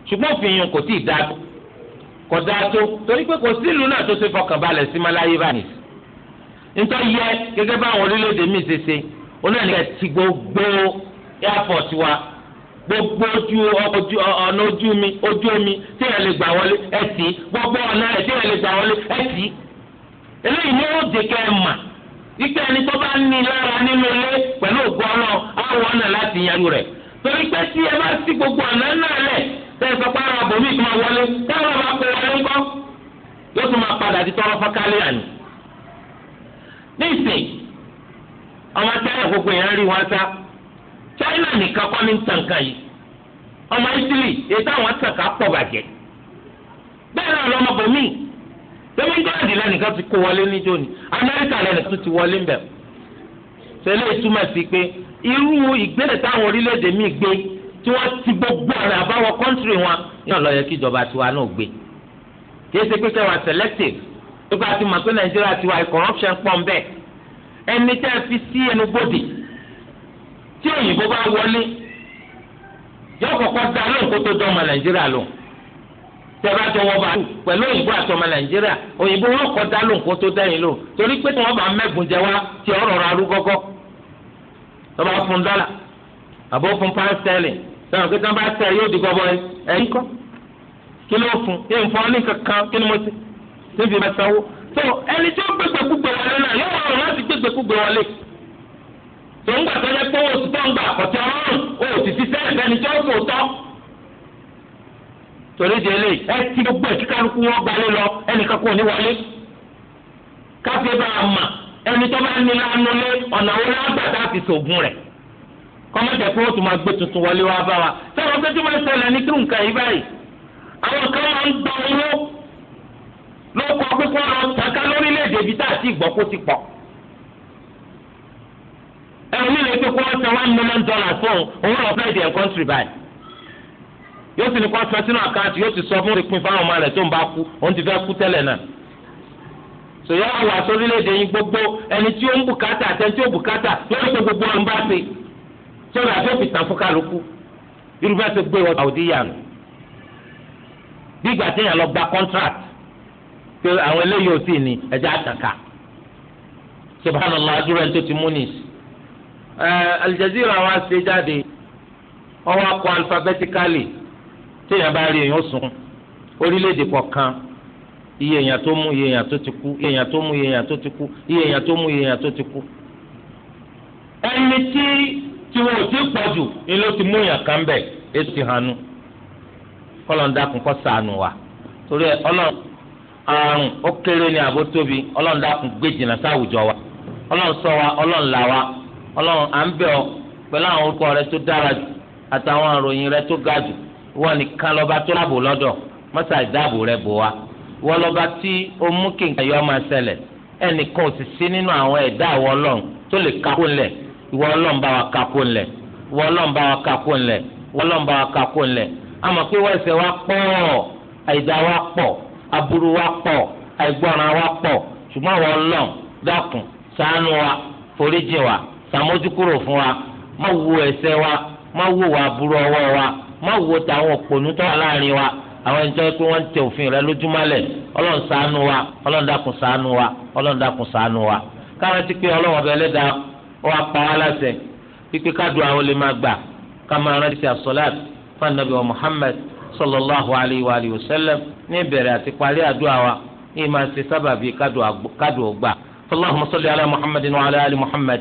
ṣùgbọ́n òfin yẹn kò tíì dáa tó kò dáa tó torí pé kò sí ìlú náà tó ṣe fọkànbalẹ̀ sí maláyé báyìí nítorí yẹ gẹ́gẹ́ bá àwọn orílẹ̀-èdè míì ṣe ṣe onáà ní ẹ̀ ti gbogbo airport wa gbogbo ojú oju ọ̀nà ojú mi ojú omi tí ẹ lè gbà wọlé ẹ tì í gbogbo ọ̀nà ẹ tí ẹ lè gbà wọlé ẹ tì í. eléyìí ni ó dè kẹ́ ẹ mà wípé ẹni tó bá ní lára nínú ilé pẹ̀lú ògbó ọlọ́ àwọn ọ̀nà láti rẹ̀ gbogbo ọ̀nà náà lẹ̀ tẹ́ ẹ ara bòmí wọlé bá kó wọlé yóò tún máa padà di tọrọ àná. China nìkan kọ́ ní tànkàn yìí ọmọ Italy ètò àwọn tànkà pọ̀ bàjẹ́ bẹ́ẹ̀ náà lọ́mọ bòmí Democrat lẹ́nìkan ti kó wọlé níjó ni Amẹ́ríkà lẹ́nìkan ti wọlé mbẹ́ tẹ́lẹ̀ túmọ̀ sí pé irú ìgbélé táwọn orílẹ̀-èdè míì gbé tí wọ́n ti gbogbo ọ̀rẹ́ àbáwọ̀ kọ́ńtìrì wọn yóò lọ yẹ kí ìjọba tiwa náà gbé kì í pé kẹwàá selective nípa ti mọ̀ pé Nàìjíríà tiwa corruption pọ̀ ń bẹ́ẹ̀ ẹni tẹ́ fi sí ẹnu bòdì tí òyìnbó bá wọlé yọ kọ́kọ́ da lóńkó tó dọ́mọ nàìjíríà lò tẹ́lá tó wọ́n bá pẹ̀lú òyìnbó àtọmọ nàìjíríà òyìnbó wọn da tó dẹ́yìn lò torí pé tí bá mẹ́gun jẹ wá tí ọ̀rọ̀ ra rú fún dọ́là àbó fún pásítẹ́lì bá yóò di ẹ̀yìn kọ́ kí ló fún fún kankan kí ni mo ti tó ẹni tí ó tó ń gbà tó yẹ pé oṣù tó ń gbà kọ̀tẹ́ ọ̀run o ò sì ti sẹ́yìn fẹ́ni tó kò tọ́. torí délé ẹ ti gbogbo ẹ̀kí kálukú wọn gbalé lọ ẹnìkan kò ní wọlé. káfíń bá a mà ẹni tó bá ní lánú lé ọ̀nà wo lágbà tá a fi sògùn rẹ̀. kọ́mọ́tẹ̀ pé ó tún máa gbé tuntun wọlé wá bá wa. sọ̀rọ̀ pé tí wọ́n ṣẹlẹ̀ ní kírun kàyí báyìí àwọn kan máa ń gba owó lóko pípọ́ lọ tàkà lórílẹ̀-èdè ibi tá a ti gbọ́ kó ti pọ̀. ẹlòmíì lè pé kó one million dollar fún òun lọ fẹ́ẹ́ di ẹ̀ kọ́ńtìrì báyìí yóò sì ní kó san sínú àkáǹtì yóò sì sọ fún ìpín fáwọn ọmọ rẹ̀ tó ń bá kú òun ti èdè yín gbogbo ẹni tí ó ń bùkátà àti ẹni tí ó bùkátà lórí gbogbo ọ̀n bá sọ̀rọ̀ àti òfin fún kálukú irúfẹ́ ti gbé Eh, Aljazeera wa ṣe jáde wọ́n wá kọ alifabẹtikali téèyàn bá rí èèyàn sùn orílẹ̀-èdè kọ̀ọ̀kan iye èèyàn tó mú iye èèyàn tó ti kú iye èèyàn tó mú iye èèyàn tó ti kú iye èèyàn tó mú iye èèyàn tó ti kú. ẹni tí tí wọn ò jù ni ló ti mú èèyàn kan bẹ̀ èso ti hànú kọ́lọ̀ ń dákun kọ́ sànù wa torí ẹ àrùn ó kéré ní àbótóbi ọlọ́run à ń bẹ̀ ọ́ pẹ̀lú àwọn orúkọ rẹ tó dára jù àtàwọn àròyìn rẹ tó ga jù ìwọ nìkan lọ́ba tó láàbò lọ́dọ̀ mọ́sà ìdáàbò rẹ bò wá ìwọ lọ́ba tí ó mú kí nǹkan yọ máa ṣẹlẹ̀ ò sì sí nínú àwọn ẹ̀dá ìwọ ọlọ́run tó lè kakó ńlẹ̀ ìwọ ọlọ́run bá wa kakó ńlẹ̀ ìwọ ọlọ́run bá wa kakó ńlẹ̀ ìwọ ọlọ́run bá wa kakó ńlẹ̀ àmọ́ pé wọ́n ẹsẹ̀ wa sàmójúkúrò fún wa má wo ẹ̀ṣẹ̀ wa má wo wà burú ọwọ́ wa má wo tàwọn òpònú tó wà láàrin wa àwọn ẹni tó yẹ pé wọ́n ń tẹ òfin rẹ lójúmọ́lẹ̀ ọlọ́run ṣàánú wa ọlọ́run dákun ṣàánú wa ọlọ́run dákun ṣàánú wa káwọn ti pé ọlọ́run ọbẹ̀ ẹlẹ́dàá ó wá pa wá láṣẹ pípé káàdùn àwọn olè máa gbà ká máa rántí sí asọ́láàt fún anabi wa muhammed sallallahu alayhi wa alihi wa sallam ní ìbẹ̀rẹ̀ àti parí àdúrà wa yìí máa ṣe sábàbí káàdùn ògbà sallallahu masalli ala muhammadin wa ala ali muhammad.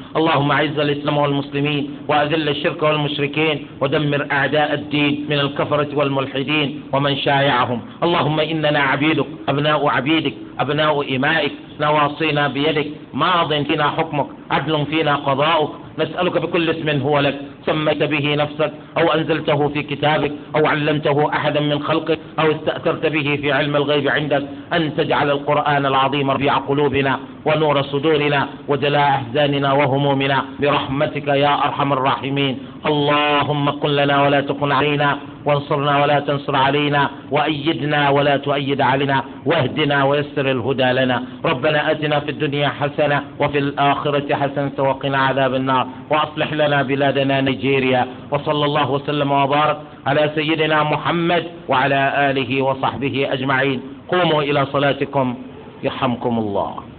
اللهم أعز الإسلام والمسلمين وأذل الشرك والمشركين ودمر أعداء الدين من الكفرة والملحدين ومن شايعهم اللهم إننا عبيدك أبناء عبيدك أبناء إمائك نواصينا بيدك ماض فينا حكمك عدل فينا قضاؤك نسألك بكل اسم هو لك سميت به نفسك أو أنزلته في كتابك أو علمته أحدا من خلقك أو استأثرت به في علم الغيب عندك أن تجعل القرآن العظيم ربيع قلوبنا ونور صدورنا وجلاء أحزاننا وهمومنا برحمتك يا أرحم الراحمين اللهم قل لنا ولا تقل علينا وانصرنا ولا تنصر علينا وأيدنا ولا تؤيد علينا واهدنا ويسر الهدى لنا ربنا أتنا في الدنيا حسنة وفي الآخرة حسنة وقنا عذاب النار وأصلح لنا بلادنا نيجيريا وصلى الله وسلم وبارك على سيدنا محمد وعلى آله وصحبه أجمعين قوموا إلى صلاتكم يرحمكم الله